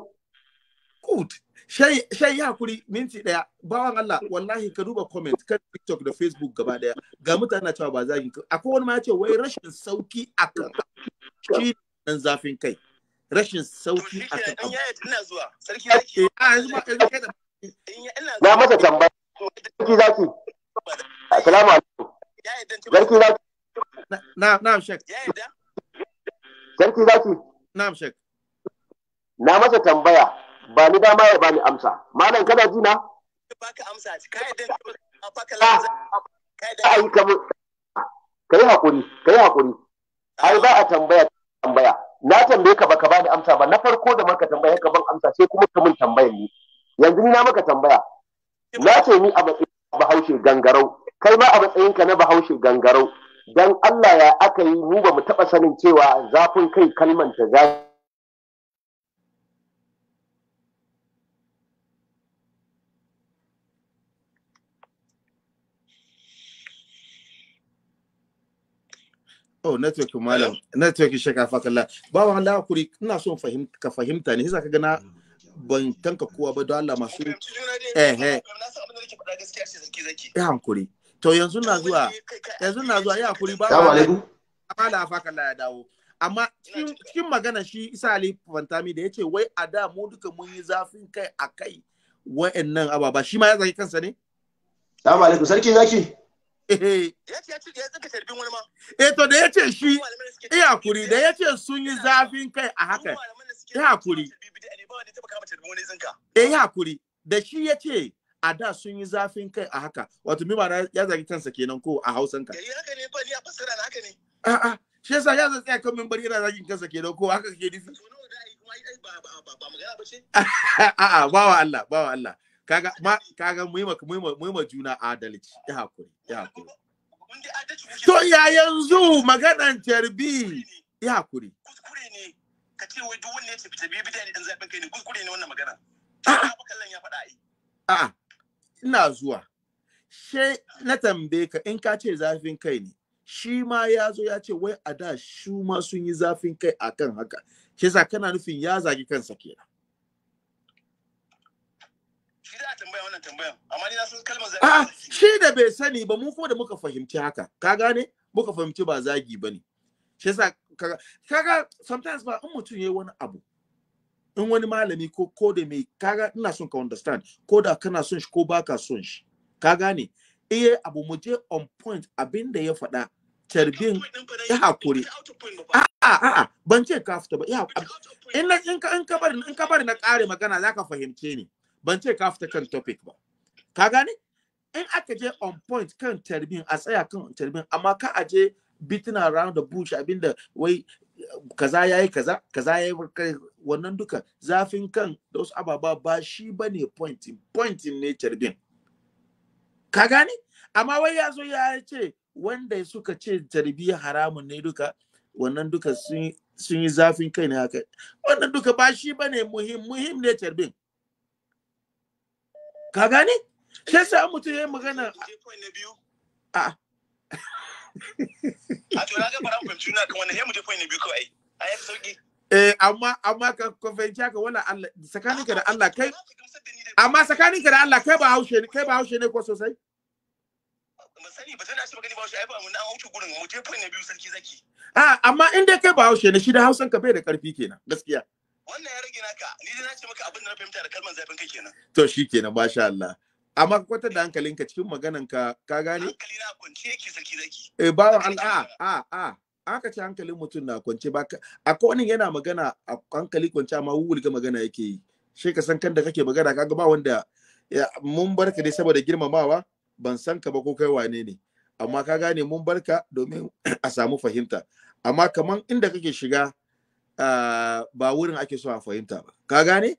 Good. Shai ya hakuri minti daya bawan Allah wallahi ka duba comment kan TikTok da Facebook gaba daya ga mutane cewa ba zagi akwai wani ma ya ce wai rashin sauki akan shi wannan zafin kai rashin sauki a kan abu ina zuwa sarki zaki a ah, yanzu ma yanzu kai da na masa tambaya sarki zaki assalamu alaikum sarki zaki na na shek sarki zaki na shek na masa tambaya ba ni dama ya ni amsa malam kana ji na baka amsa ka yadda ka baka ah. lazar ka yi hakuri ka yi hakuri ai ba a tambaya tambaya na tambaye ka baka bani amsa ba na farko da maka tambaya ka ban amsa sai kuma ka mun tambayar ni yanzu ni na maka tambaya na ce ni a matsayin bahaushe gangarau kai ma a matsayin ka na bahaushe gangarau dan Allah ya aka yi mu ba mu taba sanin cewa zafin kai kalmanta zafi Oh, network malam. Network shaka fakalla. Ba wa Allah kuri ina son fahimta ka fahimta ne. ka ga na ban tanka kowa ba don Allah masu eh eh. Ya hankuri. To yanzu na zuwa. Yanzu na zuwa ya hankuri ba. Assalamu alaikum. Allah fakalla ya dawo. Amma cikin magana shi Isa Ali Fantami da yace wai a da mu duka mun yi zafin kai a kai wa'annan ababa shi ma ya zaki kansa ne? Assalamu alaikum sarki zaki. Eh. eh to da ya ce shi iya hakuri da ya ce sun yi zafin kai a haka ya hakuri. Eh ya hakuri da shi ya ce a da sun yi zafin kai a haka wato mi ma'ana ya zagi kansa kenan ko a hausan ka? Eh, A'a shi yasa ya zan tsaya kan min bari yana zagin kansa kenan ko haka kake nufi. A'a bawa Allah bawa Allah. kaga ma kaga muima muima muima juna adalci ya hakuri ya hakuri to ya yanzu magana a'a kallon ya faɗa a'a ina zuwa she na tambaye ka in ka ce zafin kai ne shi ma ya zo ya ce wai a da su ma sun yi zafin kai akan haka shi kana nufin ya zagi kansa kenan shi da shi da bai sani ba mu kuma da muka fahimci haka ka gane muka fahimci ba zagi bane shi yasa kaga kaga sometimes ba in mutum yayi wani abu in wani malami ko ko da mai kaga ina son ka understand ko da kana son shi ko baka son shi ka gane eh abu mu je on point abin da ya faɗa tarbin ya hakuri a'a ban ce ka fita ba in ka in ka bari in ka bari na kare magana zaka fahimce ni ban ce ka fita kan topic ba ka gane in aka je on point kan tarbin a tsaya kan tarbin amma ka aje bitin around the bush abinda wai kaza yayi kaza kaza yayi wannan duka zafin kan da wasu ababa ba shi bane pointin pointin ne tarbin ka gane amma wai ya zo ya ce wanda suka ce tarbiyya haramun ne duka wannan duka sun yi zafin kai ne haka wannan duka ba shi bane muhim muhim ne tarbin ka gane sai an mutum ya yi magana a a eh amma amma ka fahimci haka wala Allah tsakaninka da Allah kai amma tsakaninka da Allah kai ba haushe ne kai ba haushe ne ko sosai a amma inda kai ba haushe ne shi da hausan ka bai da karfi kenan gaskiya wannan ya rage naka ni dai na ce maka abin da na fahimta da kalmar zafin kai kenan to kenan masha Allah amma ka kwatar da hankalinka cikin maganan ka ka gane hankali na kwance yake sarki zaki eh ba a a a aka ce hankalin mutum na kwance ba akwai wani yana magana a hankali kwance amma wulga magana yake yi shi ka san kan da kake magana kaga ba wanda mun barka dai saboda girmamawa ban san ka ba ko kai wane ne amma ka gane mun barka domin a samu fahimta amma kaman inda kake shiga Ah, ba wurin ake so a fahimta ba ka gane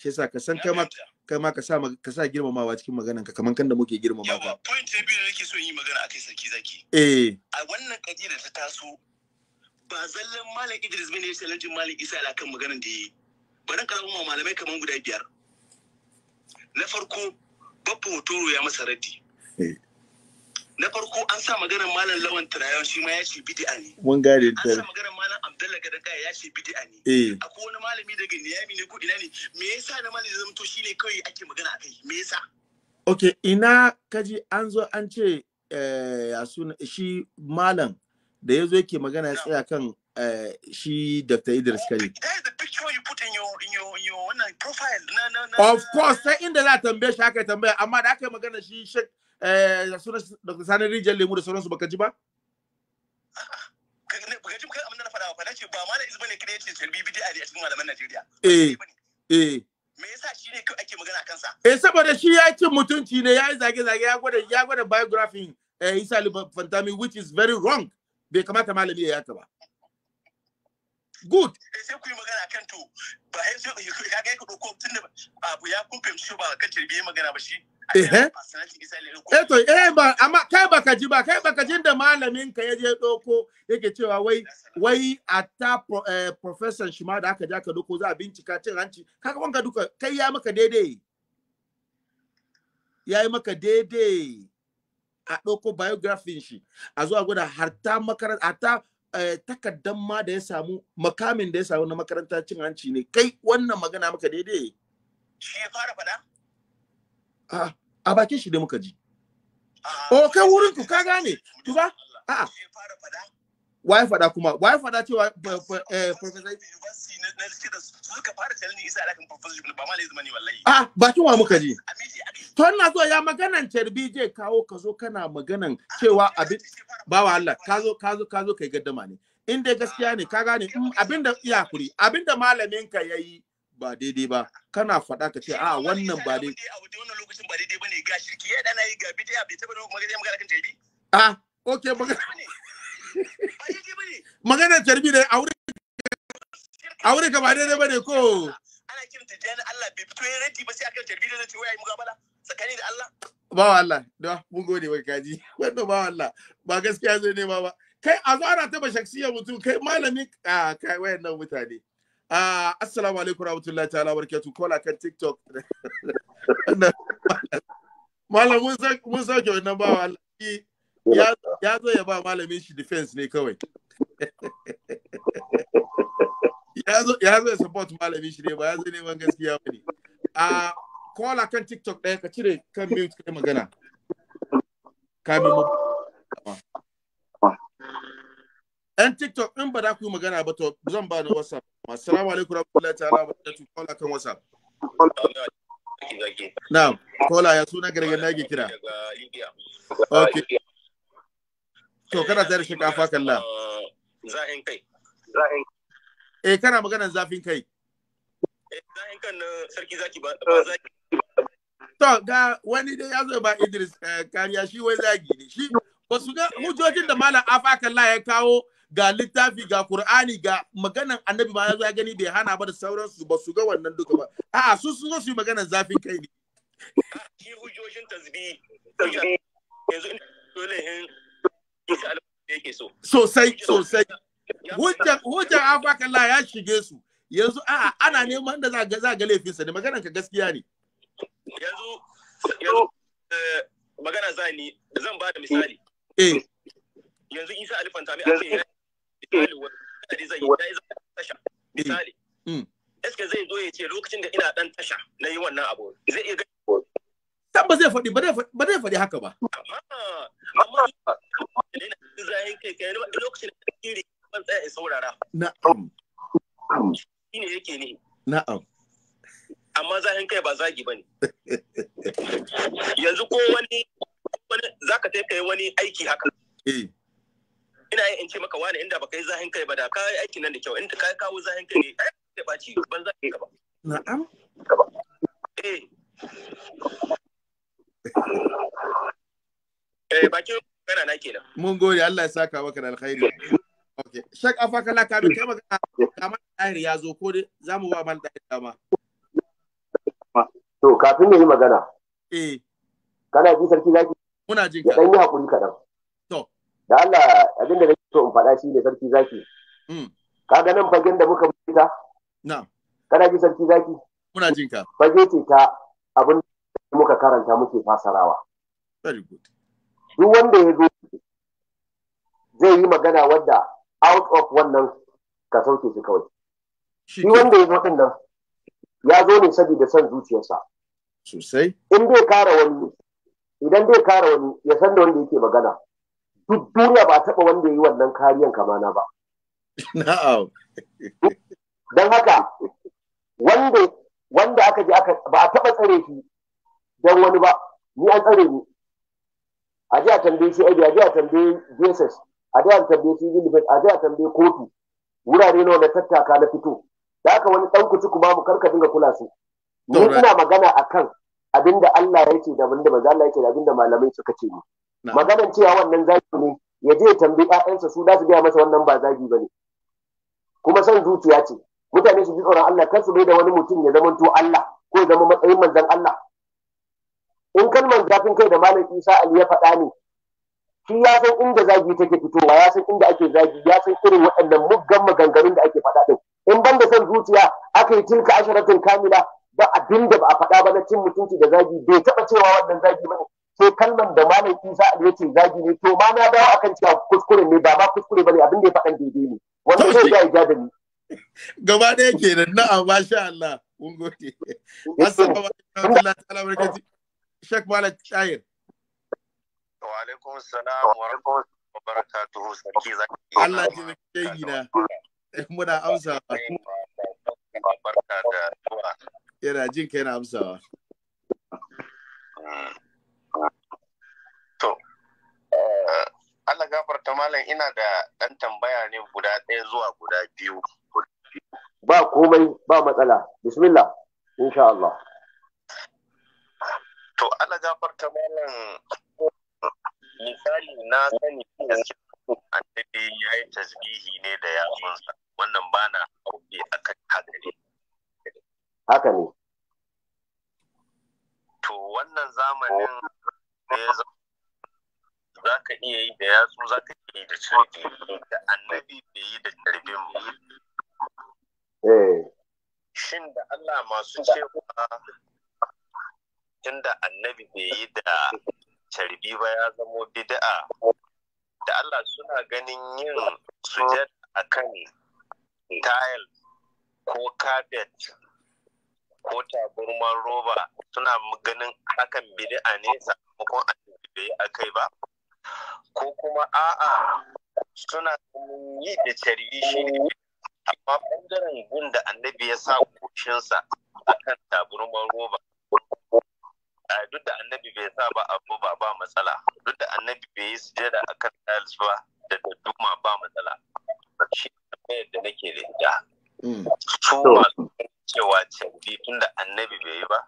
shi yasa ka san kai ma kai ma ka sa ka sa girmamawa cikin maganar ka kaman kan da muke girmamawa. ba point da biyu da nake so in yi magana akai sarki zaki eh a wannan kadira ta taso ba zallan malam Idris bane ya challenge malam Isa kan maganar da yayi bari ka ma malamai kaman guda biyar na farko babu hotoro ya masa raddi eh. na farko an sa maganar malam lawan turayen shi ma ya ce bid'a ne mun gane ta an sa maganar malam abdalla gadan kaya ya ce bid'a ne eh akwai wani malami daga niyami ne ko ina ne me yasa na malam zama to shine kawai ake magana a kai? me yasa Ok, ina kaji an zo an ce eh, ya suna shi malam da ya zo yake magana ya tsaya kan eh, shi Dr. Idris oh, Kare. Of course, sai inda za a tambaye shi aka tambaya, amma da aka yi magana shi eh sunan Dr. Sani Rijal Lemu da sauransu baka ji ba baka ji kai abin da na faɗa ba ce ba ma Izba ne kada ya ce Salbi bid'a a cikin malaman Najeriya eh eh me yasa shi ne ake magana kansa eh saboda shi ya ci mutunci ne ya yi zage-zage ya gwada ya gwada biography eh Isa Fantami which is very wrong bai kamata malami ya yaka ba good sai ku yi magana kan to ba sai ka ga ku dauko tunda abu ya kun fahimci ba kan tarbiyyar magana ba shi eh eto eh ba amma kai baka ji ba kai baka ji da malamin ka yaje doko yake cewa wai wai atta eh, professor shima aka ja ka doko za a bincika cin hanci kaga wanka duka kai ya maka daidai ya yi maka daidai a doko biographin shi a zuwa gwada harta makaranta harta eh, ma da ya samu makamin da ya samu na makaranta cin hanci ne kai wannan magana maka daidai shi ya fara faɗa a bakin shi da muka ji o kai wurin ku ka gane ku ba a wa ya faɗa kuma wa ya faɗa cewa a bakin wa muka ji to ina so ya maganan carbi je kawo ka zo kana maganan cewa abin bawa Allah ka zo ka zo ka zo kai gaddama ne in dai gaskiya ne ka gane abin da iyakuri, abin da malamin ka yayi ba daidai ba kana faɗa ka ce a wannan ba dai wannan lokacin ba daidai bane ga shirki ya dana yi ga bidiya bai taba nuna magana magana kan tarbi a ah, okay magana magana tarbi ne a wurin a wurin ka ba daidai bane ko ana kiran tijani Allah bai fito ya radi ba sai akan tarbi da zai ce wai mugabala tsakani da Allah ba Allah da mun gode wa kaji wanda ba Allah ba gaskiya zai nema ba kai a zara ta ba shaksiyar mutum kai malami a ah, kai wayannan mutane Uh, assalamu alaikum rahmatullahi ta'ala barkatu kola kan TikTok. Malam mun sauke wannan ba wallahi ya zo ya ba malamin shi defense ne kawai. ya zo ya support malamin shi ne ba ya zo neman gaskiya ba ne. Uh, kola kan TikTok ɗaya ka cire kan mute kai magana. Kamin mu. ɗan tiktok ɗin ba za ku yi magana ba to zan ba da whatsapp assalamu alaikum rahmatullahi ta'ala wa barakatuh kola kan whatsapp Na kola ya suna gargar nage kira okay to kana tare shi kafa kalla zafin kai eh kana maganan zafin kai eh, zafin kan sarki zaki ba zaki to ga wani dai ya zo ba Idris eh, kariya shi wai zagi ne shi wasu ga hujjojin da malam afa kalla ya kawo ga littafi ga Qur'ani ga maganan annabi ba ya zo gani bai hana ba da sauransu ba su ga wannan duka ba a'a su sun zo su yi maganan zafin kai ne shi hujojin tasbihi yanzu dole in yake so sosai sosai hujjar hujjar afakallah ya shige su yanzu a'a ana neman da za ga za ga laifinsa ne maganan ka gaskiya ne yanzu yanzu eh, magana zani zan ba da misali eh yanzu isa alifanta mai ake misali mm. Mm. eske zai zo ya ce lokacin da ina dan tasha na yi wannan abu zai iya zai faɗi ba zai faɗi haka ba amma kai kai lokacin da kiri ban tsaya saurara na'am shine yake ne na'am amma kai ba zagi yanzu ko wani zaka kai wani aiki haka eh. ina yin in ce maka wani inda baka yi zahin kai ba da ka yi aikin nan da kyau inda ka kawo zahin kai ne da ba ci ban za ka ba na'am eh, eh bakin kana na kenan mun gode Allah ya saka maka da alkhairi okay shak afaka la ka kai magana kamar dahir ya zo ko za mu ba mal dahir dama to kafin ne yi magana eh kana ji sarki zaki muna jin ka dan yi hakuri kadan da Allah abin da nake so in faɗa shi ne sarki zaki mm. ka ga nan fagen da muka buɗe ta kana ji sarki zaki muna jin ka fage ce ta abin da muka karanta muke fasarawa very good duk wanda ya zo zai yi magana wadda out of wannan ka sauke shi kawai shi wanda ya zo din ya zo ne saboda son zuciyarsa sosai in dai kara wani idan dai kara wani ya san da wanda yake magana duk duniya ba taɓa wanda ya yi wannan kariyan kamana ba. Na'am. Don haka wanda wanda aka je aka ba a taɓa tsare shi don wani ba ni an tsare ni. A ji a tambaye shi a ji a tambaye Jesus a ji a tambaye civil defense a ji a tambaye kotu wurare nawa na tattaka na fito. Da haka wani ɗan kuci kuma mu karka dinga kula su. Ni ina magana akan abinda Allah ya ce da abinda manzo Allah ya ce da abinda malamai suka ce ni. maganan cewa wannan zagi ne ya je ya tambayi ƴaƴansa su za su gaya masa wannan ba zagi ba ne kuma son zuciya ce mutane su ji tsoron Allah kar su bai da wani mutum ya zama to Allah ko ya zama matsayin manzon Allah in kalmar zafin kai da malam Isa Ali ya faɗa ne shi ya san inda zagi take fitowa ya san inda ake zagi ya san irin waɗannan muggan maganganun da ake faɗa din in ban da son zuciya aka yi tilka asharatin kamila ba abin da ba a faɗa ba na cin mutunci da zagi bai taɓa cewa wannan zagi ba sai kalman da malam isa ali yace zagi ne to ma na dawo akan cewa kuskure ne ba ma kuskure bane abin da ya faɗan daidai ne wannan zai ga ya da ni gaba ɗaya kenan na'am masha Allah mun gode assalamu alaikum Sheikh Malam Shahir wa alaikum assalam wa rahmatullahi wa barakatuhu sarki zaki Allah ya kai gida muna amsawa barka da yana jin kai na amsawa hmm. To, eh, Allah gafarta malam ina da ɗan tambaya ne guda ɗaya zuwa guda biyu. Ba komai ba matsala. Bismillah, insha Allah. To, Allah gafarta malam misali na sani annabi ya yi tasbihi ne da yatsunsa wannan ba na hauke akan haka ne. Haka ne. To, wannan zamanin da ya zama za ka iya yi da yatsu za ka iya yi da carbi da annabi bai yi da carbin mu eh. shin da Allah masu cewa tunda annabi bai yi da carbi ba ya zamo bid'a da Allah suna ganin yin sujad akan kan tile ko carpet ko taburman roba suna ganin hakan bid'a ne sakamakon annabi bai yi akai ba ko kuma a'a suna yi da tarihi shi ne amma ɓangaren gun da annabi ya sa a akan taburman roba duk da annabi bai sa ba abu ba ba matsala duk da annabi bai yi sujada akan tiles ba da dadduma ba matsala shi ne da nake da ita mm. su masu cewa canji tun da annabi bai yi ba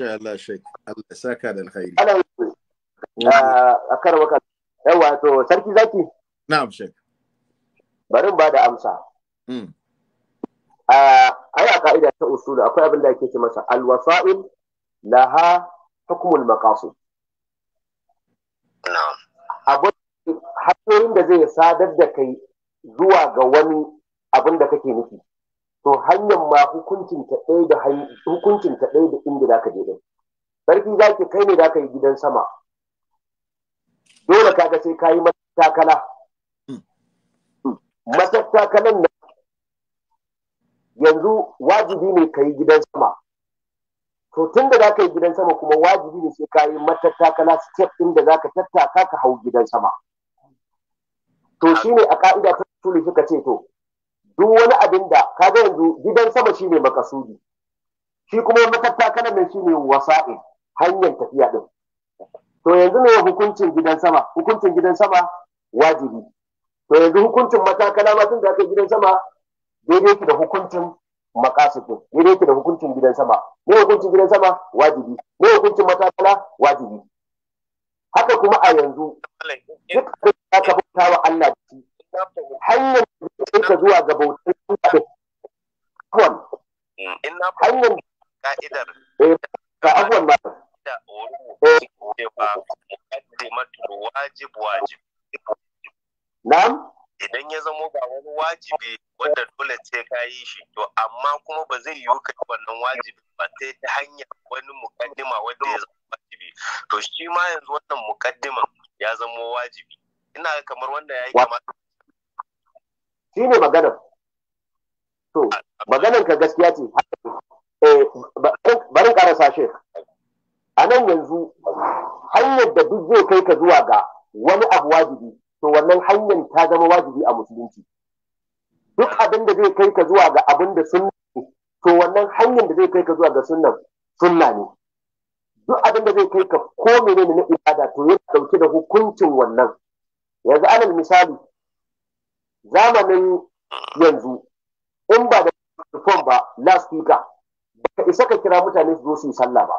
Masha Allah shek Allah saka da alkhairi. A kar waka yawa to sarki zaki. Na'am shek. Barin ba da amsa. A ƙa'ida a ka'ida ta usulu akwai abin da ake ce masa alwasa'il laha hukumul maqasid. Na'am. Abin da zai sadar da kai zuwa ga wani abin da kake nufi. to hanyar ma hukuncin ta ɗaya da inda za ka je din sarki za ki kai ne za ka yi gidan sama dole kaga sai ka yi matakala hmm. matatakalan na. yanzu wajibi ne ka yi gidan sama to tun da za ka yi gidan sama kuma wajibi ne sai ka yi matattakala step ɗin da za ka tattaka ka hau gidan sama to shine a ka'ida ta tuli suka ce to duk wani abin da kaga yanzu gidan sama shine makasudi shi kuma kana mai shine wasa'in hanyar tafiya din to yanzu ne hukuncin gidan sama hukuncin gidan sama wajibi to yanzu hukuncin matakala ma tun da aka gidan sama daidai ki da hukuncin makasudi daidai ki da hukuncin gidan sama ne hukuncin gidan sama wajibi ne hukuncin matakala wajibi haka kuma a yanzu duk abin da ka bauta wa Allah da shi hanyar da ka zuwa ga bautar Allah in na hanyar ka'idar eh, ka afwan ba da wurin ba muqaddimatul wajib wajib na'am idan ya zamo ba wani wajibi wanda dole ce ka yi shi to amma kuma ba zai yiwu kai wannan wajibi ba sai ta hanyar wani mukaddima wanda ya zama wajibi to shi ma yanzu wannan mukaddiman ya zamo wajibi ina kamar wanda ya yi kamata shi ne maganan to maganan ka gaskiya ce eh, barin karasa shi a nan yanzu hanyar da duk zai kai ka zuwa ga wani abu wajibi to wannan hanyar ta zama wajibi a musulunci duk abin da zai kai ka zuwa ga abin da sunna ne to wannan hanyar da zai kai ka zuwa ga sunnan sunna ne duk abin da zai kai ka ko menene na ibada to yana dauke da hukuncin wannan yanzu alal misali zamanin yanzu in ba da phone ba loudspeaker ba isa ka kira mutane su zo su sallah ba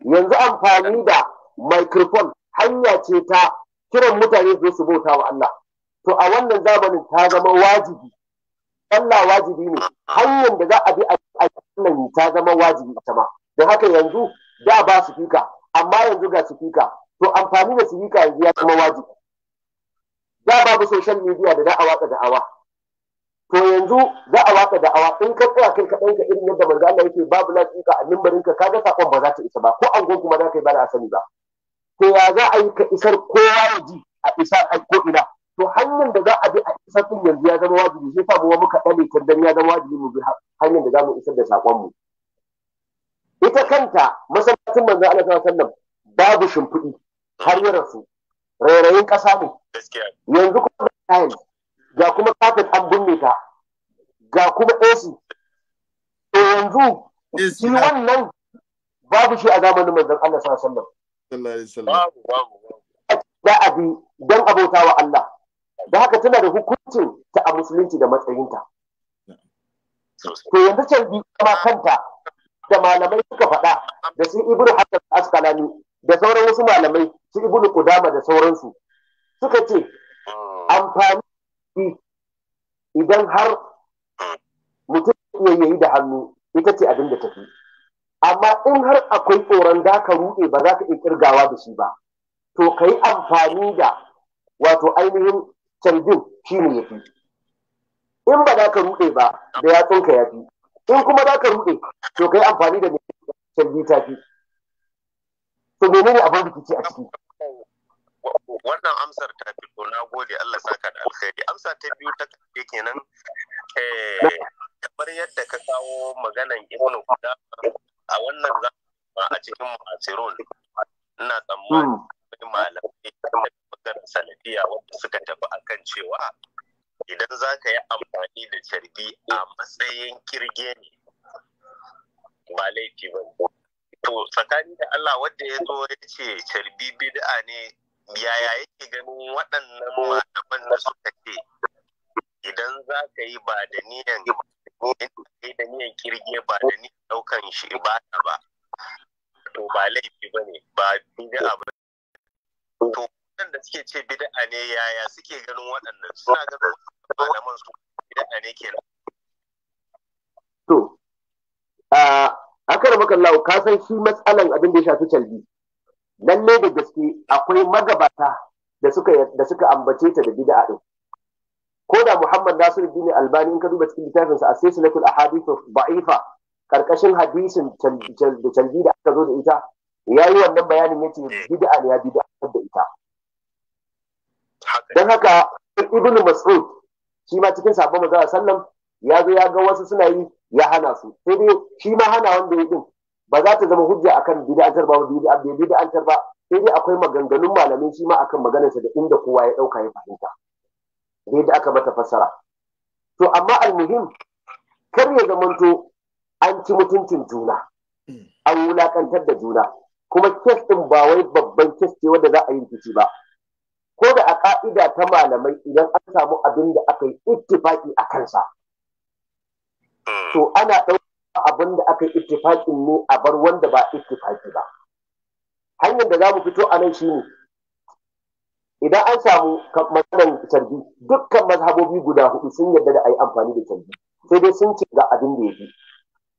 yanzu amfani da microphone hanya ce ta kiran mutane su zo su bauta wa Allah to a wannan zamanin ta zama wajibi sallah wajibi ne hanyar da za a bi a wannan ta zama wajibi ita ma don haka yanzu da ba su fika amma yanzu ga su fika to amfani da su fika yanzu ya zama wajibi da babu social media da da'awa ka da'awa to yanzu da'awa ka da'awa in ka tsaya kai ka irin yadda manzo Allah yake babu lafiya a numbarin ka kaga sakon ba za ta isa ba ko angon kuma za ka yi ba da sani ba to ya za a yi ka isar kowa ya ji a isa a ko ina to hanyar da za a bi a isa din yanzu ya zama wajibi sai fa mu muka dale dan ya zama wajibi mu bi hanyar da za mu isar da sakon mu ita kanta masallacin manzo Allah sallallahu alaihi wasallam babu shimfiɗi har ya rasu rairayin ƙasa ne yanzu kuma da ga kuma kafin an binne ta ga kuma AC to yanzu shi wannan babu shi a zamanin mai Allah sallallahu Sallam. wasallam da abi dan abota wa Allah da haka tana da hukuncin ta a musulunci da matsayinta to yanzu can kama kanta da malamai suka faɗa da sun ibru hasan askalani da sauran wasu malamai su ibnu kudama da sauransu suka ce amfani da idan har mutum ya yi da hannu ita ce abin da tafi amma in har akwai tsoron da ka ruɗe ba za ka iya kirgawa da shi ba to ka yi amfani da wato ainihin canjin shi ne ya fi in ba za ka ruɗe ba da yatsunka ya fi in kuma za ka ruɗe to ka yi amfani da canjin ta fi to menene abin rikici a ciki wannan amsar ta fito na gode Allah saka da alkhairi amsa ta biyu ta kake kenan eh kamar yadda ka kawo maganan ibnu a wannan zama a cikin masirun ina tsammani hmm. malamai maganar salafiya wanda suka tafi akan cewa idan za ka yi amfani da carbi a matsayin kirge ne ba laifi ba to tsakani da Allah wanda ya zo ya ce carbi bid'a ne yaya yake ganin waɗannan mm. malaman na suka ce idan za ka yi ba da niyan da niyan kirge ba da niyan ɗaukan shi ta ba to ba laifi ba ne ba bid'a ba to waɗanda suke ce bid'a ne yaya suke ganin waɗannan suna ganin malaman su bid'a ne kenan to a akar maka kasan ka san shi matsalan abin da ya shafi talbi lalle da gaske akwai magabata da suka ambace ta da bid'a din ko da Muhammad Nasiruddin Albani in ka duba cikin littafin sa as a Ahadith Ba'ifa, karkashin hadisin da canji da aka zo da ita yayi wannan bayanin yace bid'a ne ya bid'a da ita dan haka Ibn Mas'ud shi ma cikin sabon manzo sallam ya zo ya ga wasu suna yi ya hana su sai dai shi ma hana wanda ya yi din ba za ta zama hujja akan bid'antar ba bid'a bid'antar ba sai dai akwai maganganun malamai shi ma akan maganarsa da inda kowa ya dauka ya fahimta da aka mata fassara to amma almuhim kar ya zamanto an ci mutuncin juna an wulakantar da juna kuma kes din ba wai babban kes ce wanda za a yi fici ba ko da a ka'ida ta malamai idan an samu abin da aka yi ittifaki a kansa to ana ɗaukar abin da aka yi ittifaƙin ne a bar wanda ba ittifaƙi ba hanyar da za mu fito a nan shi ne. idan an samu matsalar canji dukkan mazhabobi guda hudu sun yarda da a yi amfani da canji sai dai sun ce ga abin da ya fi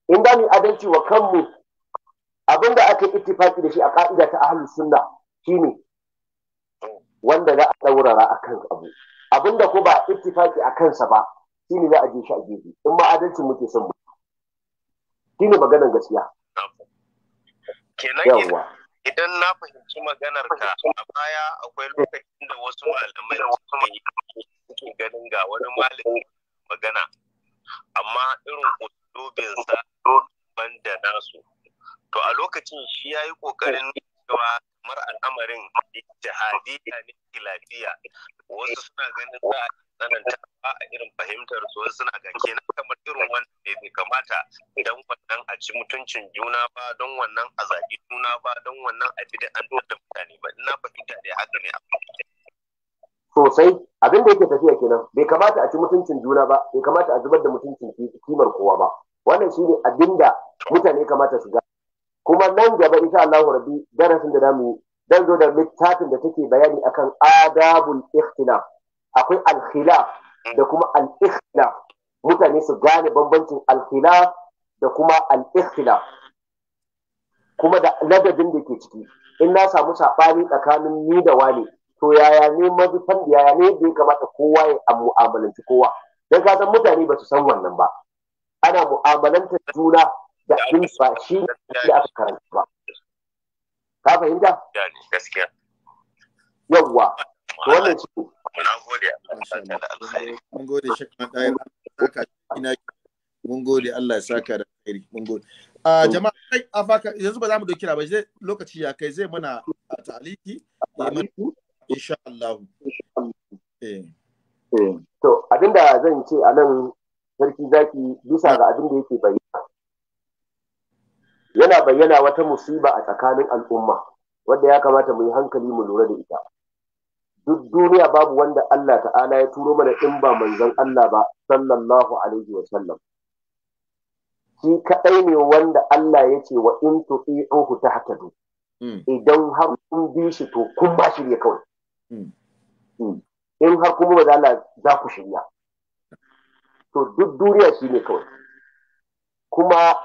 in da mu adalci wa kanmu abin da aka yi ittifaki da shi a ka'ida ta ahlus sunna ne, wanda za a ɗaurara a kan abu abin da ko ba ittifaki a kansa ba shi ne za a je shi a gefe in ma adalci muke son mu shi maganar gaskiya kenan idan na fahimci maganar ka a baya akwai lokacin da wasu malamai suke ganin ga wani malami magana amma irin kudubin sa ban da nasu to a lokacin shi ya yi kokarin cewa kamar al'amarin jihadiyya ne lafiya wasu suna ganin za a tsananta ba a irin fahimtar su wasu suna ga kenan kamar irin wannan ne bai kamata don wannan a ci mutuncin juna ba don wannan a zagi juna ba don wannan a bi da an da mutane ba ina fahimta da haka ne a sosai abin da yake tafiya kenan bai kamata a ci mutuncin juna ba bai kamata a zubar da mutuncin kimar kowa ba wannan shine abin da mutane kamata su ga kuma nan gaba insha Allah rabbi darasin da zamu dan zo da littafin da take bayani akan adabul ikhtilaf akwai al-khilaf da kuma al-ikhtilaf mutane su gane bambancin al-khilaf da kuma al-ikhtilaf kuma da ladabin da ke ciki in na samu saɓani tsakanin ni da wani to yaya ne da yaya ne da ya kamata kowa ya mu'amalanci kowa Dan ka san mutane ba su san wannan ba ana mu'amalantar juna da shi aka karanta ba ka fahimta gaskiya yawwa wannan a jama'a a yanzu ba za mu doki ba zai lokaci ya kai zai mana taliki insha Allah eh. Eh, to abinda zan ce a nan sarki zaki bisa ga abin da yake bayyana yana bayyana wata musiba a tsakanin al'umma wanda ya kamata mu yi hankali mu lura da ita duk duniya babu wanda Allah ta'ala ya turo mana in ba manzon Allah ba sallallahu alaihi wa sallam shi kadai ne wanda Allah ya ce wa in tu'i'uhu tahtadu hmm. idan har kun bi shi to kun ba shi ne kawai hmm. Hmm. in har kuma ba Allah za ku shirya to duk duniya shi ne kawai kuma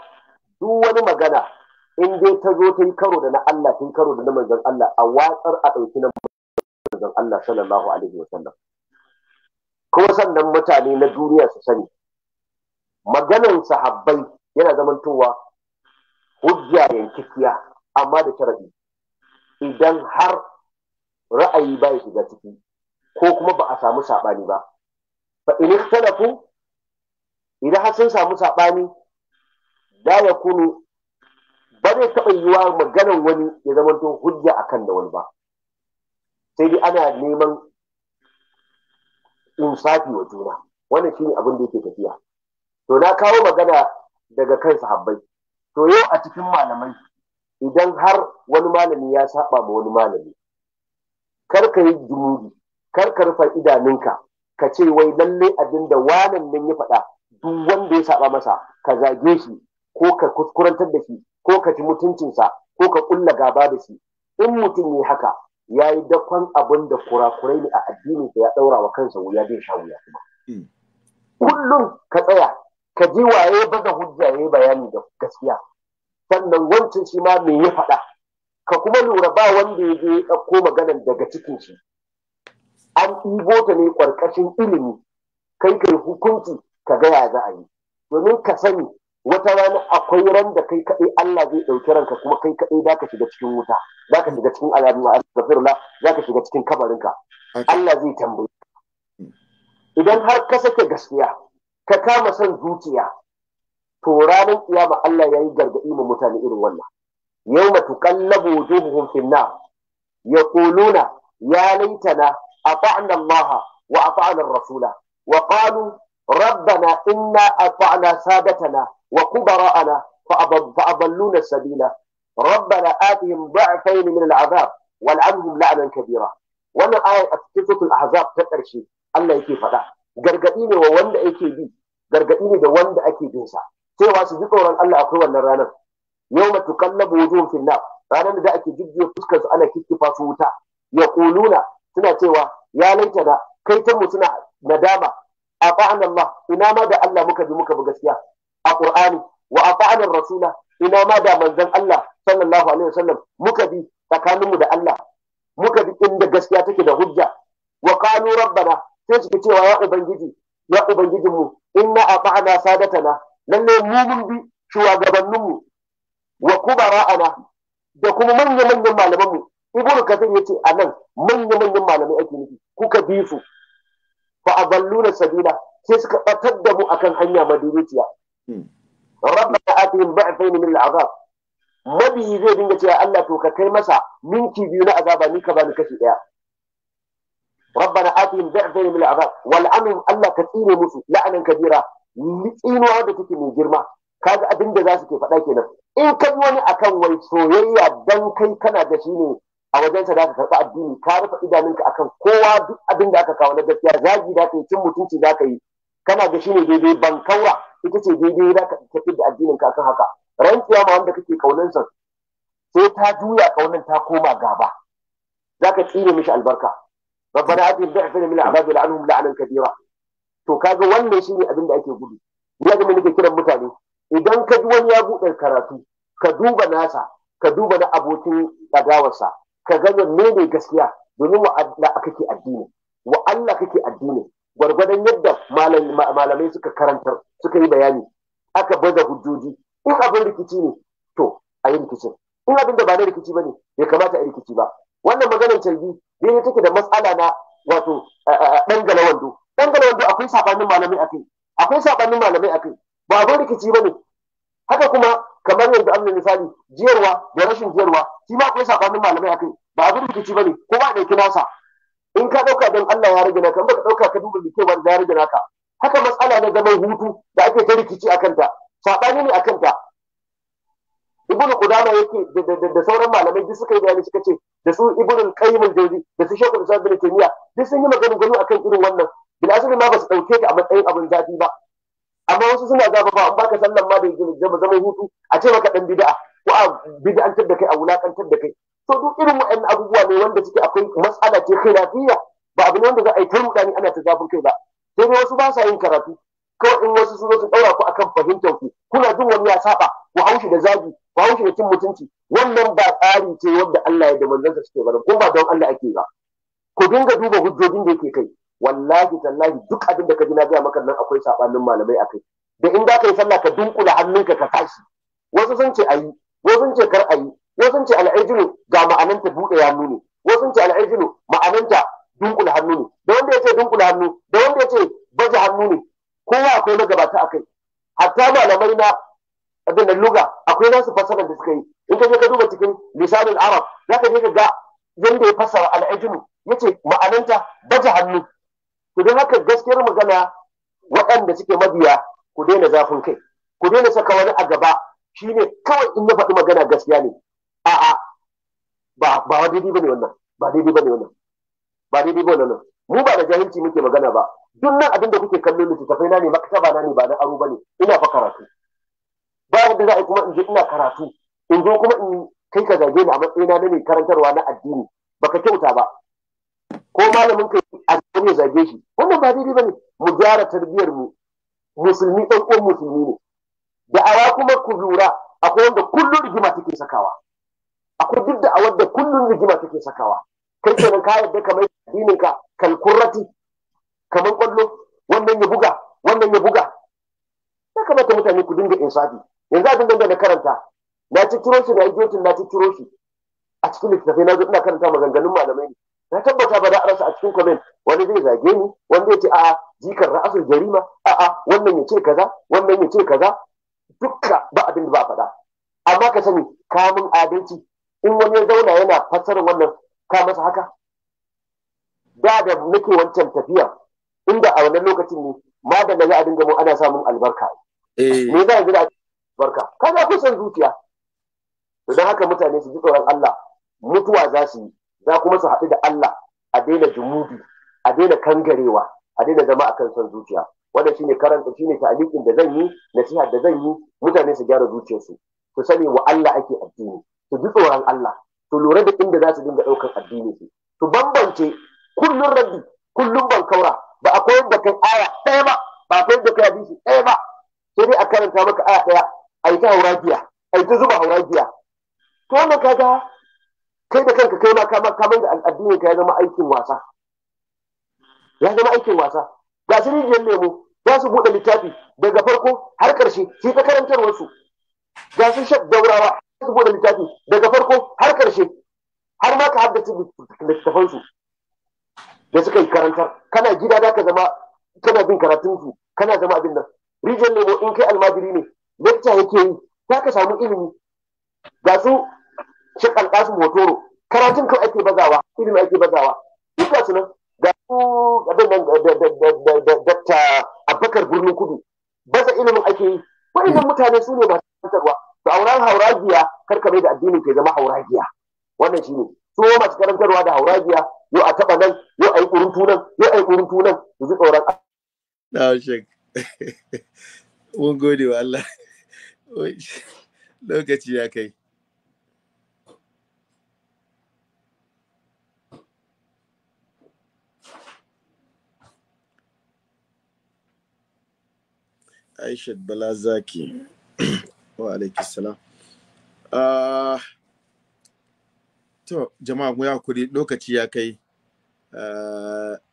duk wani magana in dai ta zo ta yi karo da na Allah tun karo da na manzon Allah a watsar a ɗauki na manzon Allah sallallahu alaihi wa sallam kuma sannan mutane na duniya su sani maganan sahabbai yana zamantowa hujja yankikiya amma da sharadi idan har ra'ayi ba ya shiga ciki ko kuma ba a samu saɓani ba fa in ikhtalafu idan har sun samu saɓani ya kunu ba zai taɓa yiwa maganar wani ya zama zamanto hujja kan da wani ba sai dai ana neman insafi wa juna wannan ne abin da yake tafiya to na kawo magana daga kan sahabbai to yau a cikin malamai idan har wani malami ya saba ma wani malami kar ka yi jumudi kar ka rufe idanunka ka ce wai lallai abin da wanan nan ya faɗa duk wanda ya saba masa ka zage shi ko ka kuskurantar da shi ko ka ci mutuncinsa ko ka kulla gaba da shi in mutum ne haka ya yi dakon abin da kurakurai ne a addininsa ya ɗaura wa kansa wuya zai sha wuya kuma hmm. kullum ka tsaya ka ji waye baza hujja ya yi bayani da gaskiya sannan wancin shi ma me ya faɗa ka kuma lura ba wanda ya je ɗauko maganar daga cikin shi an ɗibo ta ne ƙwarƙashin ilimi kai kai hukunci ka ga ya za a yi domin ka sani wata rana akwai ran da kai kaɗai Allah zai ɗauki ranka kuma kai kaɗai za ka shiga cikin wuta za ka shiga cikin al'adunla za ka shiga cikin kabarinka Allah zai tambayi. idan har ka sake gaskiya ka kama son zuciya to ranar kiyama Allah ya yi gargaɗi ma mutane irin wannan yau matuƙallabu wujuhuhum finna ya kuluna ya laitana wa الله rasula wa وقالوا ربنا إنا أطعنا سادتنا Wa وكبراءنا فأضلونا السبيل ربنا آتهم ضعفين من العذاب والعنهم لعنا كبيرا وانا آية أتكفة الأحزاب تترشي الله يكي فدا gargaɗi ne wa wanda ake bi gargaɗi ne da wanda ake bin sa cewa su ji tsoron Allah akwai wannan ranar yau na tukallabu wujuhum fil ranar da a ake jujjuya fuskar su ana kikkifa su wuta kuluna, suna cewa ya laita kai ta mu suna nadama afa'an Allah ina ma da Allah muka bi muka bi gaskiya a Qur'ani wa ata'ana rasula ina ma da manzon Allah sallallahu muka bi tsakaninmu da Allah muka bi inda gaskiya take da hujja wa qalu rabbana sai suke cewa ya ubangiji ya ubangijinmu inna ata'ana sadatana lalle mu mun bi shugabanninmu wa kubara'ana da kuma manya manyan malamanmu ibnu kathir yace anan manya manyan malamai ake nufi kuka bi su fa adalluna sabila sai suka batar da mu akan hanya madaidaiciya Hmm. rabbana atihim ba'fayn min al'azab mabiyi zai dinga cewa Allah to ka kai masa minki biyu na azaba ka bani kashi ɗaya. rabbana atihim ba'fayn min al'azab wal amin Allah ka tsine musu la'anan kabira tsinuwa da take mai girma kaga abin da za su ke faɗa kenan in ka wani akan wai soyayya dan kai kana da shi ne a wajensa da ka karɓi addini ka rufe idanunka akan kowa duk abinda aka kawo na gaskiya zagi da ka yi cin mutunci za ka yi kana da shi ne daidai bankaura ita ce daidai za ka tafi da addinin ka kan haka rantsuwa ma wanda kake kaunansa sai ta juya kaunan ta koma gaba za ka tsire mishi albarka rabbana atin da'fina min al'azabi la'anhum la'anan kabira to kaga wannan shine abin da ake gudu ya ga nake kiran mutane idan ka ji wani ya buɗe karatu ka duba nasa ka duba na abokin adawarsa ka ga ne ne gaskiya domin wa Allah kake addini wa Allah kake addini gwargwadon yadda malamai suka karantar suka yi bayani aka baza hujjoji in abin rikici ne to a yi rikicin in abin da ba na rikici ba ne bai kamata a rikici ba wannan maganar calbi daidai take da matsala na wato dangala wando dangala wando akwai sabanin malamai a kai akwai sabanin malamai a kai ba abin rikici ba ne haka kuma kamar yanzu amna misali jiyarwa da rashin jiyarwa shi ma akwai sabanin malamai a kai ba abin rikici ba ne ko ba ɗauki nasa in ka ɗauka don Allah ya rage naka in baka ɗauka ka duba mai kyau ya rage naka haka matsala na zaman hutu da ake ta rikici a kanta saɓani ne a kanta ibnu qudama yake da sauran malamai duk suka yi bayani suka ce da su ibnu qayyim al-jawzi da su shaykhul islam bin taymiya duk sun yi a akan irin wannan bil asali ma ba su ɗauke ta a matsayin abin zafi ba amma wasu suna gaba ba an baka sallan ma da zama hutu a ce maka dan bid'a ko a bid'antar da kai a wulakantar da kai to duk irin wa'annan abubuwa ne wanda suke akwai mas'ala ce khilafiyya ba abu ne wanda za a yi ta rudani ana ta zafin kai ba sai dai wasu ba sa yin karatu kawai in wasu su zo su ɗaura ku akan fahimtar ku kuna jin wani ya saba ku haushi da zagi ku haushi da cin mutunci wannan ba tsari ce wanda Allah ya da manzansa suke bari ko ba don Allah ake ba ku dinga duba hujjojin da yake kai wallahi tallahi duk abin da ka ji na gaya maka nan akwai sabanin malamai akai da in za ka yi sallah ka dunkula hannunka ka tashi wasu sun ce ayi wasu sun ce kar ayi wasu ce ga ma'ananta buɗe hannu ne wasu ce al'ijilu ma'ananta dunkul hannu ne da wanda ce dunkul hannu da wanda yace baje hannu ne kowa akwai na a kai hatta malamai na abin da luga akwai nasu fasarar da suka yi in ka je ka duba cikin lisanin arab za ka je ka ga yadda ya fassara Ya ce ma'ananta baje hannu to don haka gaskiyar magana waɗanda suke mabiya ku daina zafin kai ku daina saka wani a gaba shine kawai in ya faɗi magana gaskiya ne a'a ba ba daidai bane wannan ba daidai bane wannan ba daidai bane wannan mu ba da jahilci muke magana ba duk nan abin da kuke kallo tafai na ne maktaba na ne ba na aro bane ina fa karatu ba wanda za a kuma in je ina karatu in zo kuma in kai ka zage ni a matsayina na mai karantarwa na addini baka kyauta ba ko malamin ka a ya zage shi wannan ba daidai bane mu gyara tarbiyar mu musulmi ɗan uwan musulmi ne da awa kuma ku lura akwai wanda kullum rigima take sakawa akwai duk da a wadda kullum rigima take sakawa kai kenan ka yadda kamar addinin ka kalkurati kamar kwallo wannan ya buga wannan ya buga ya kamata mutane ku dinga insafi yanzu abin da na karanta na ci kiro shi na yi na ci shi a cikin littattafai na zo ina karanta maganganun malamai ne na tabbata ba da a rasa a cikin kwamen. wani zai zage ni wanda ya ce a'a jikar ra'asul jarima a'a wannan ya ce kaza wannan ya ce kaza dukka ba abin da ba faɗa amma ka sani kamun adalci in wani ya zauna yana fasarar wannan ka masa haka da da nake wancan tafiya inda a wannan lokacin ne ma da na a dinga mu ana samun albarka eh. me za a gina albarka za ku san zuciya to haka mutane su ji tsoron Allah mutuwa za su yi za kuma su haɗu da Allah a daina jumudi a daina kangarewa a daina zama a kan son zuciya wannan shine karanta shine ta'alikin da zan yi nasiha da zan yi mutane su gyara zuciyarsu su sani wa Allah ake addini su ji tsoron Allah to lura da inda za su dinga ɗaukar addini su to bambance kullum rabbi kullum ban kaura ba a koyar da kai aya ɗaya ba ba a koyar da kai hadisi ɗaya ba sai dai a karanta maka aya ɗaya a yi ta haura hauragiya a yi ta zuba haura hauragiya to wannan ga kai da kanka kai ma ka ka mai da addini ka ya zama aikin wasa ya zama aikin wasa ga su rijiyar lemo za su buɗe littafi daga farko har ƙarshe sai ta karantarwar su ga su shak daurawa shigo da littafi daga farko har karshe har ma ka haddace littafan su da suka yi karantar kana gida da ka zama kana bin karatun su kana zama abin nan rijiyar lemo in kai almajiri ne lecture yake yi za ka samu ilimi ga su shakal kasu motoro karatun kawai ake bazawa ilimi ake bazawa duk su nan ga su abin nan da dakta Abakar birnin kudu basa ilimin ake yi wa'annan mutane su ne masu karantarwa to auren hauragiya kar ka da addinin ke zama hauragiya wannan shine so masu karantarwa da hauragiya yau a taba nan yau a yi kuruntu nan yau a yi kuruntu nan ji tsoron na shek mun gode wa Allah lokaci ya kai Aishat Bala wa alaikissalam uh, ah, to jama'a mu ya kuri lokaci ya kai uh,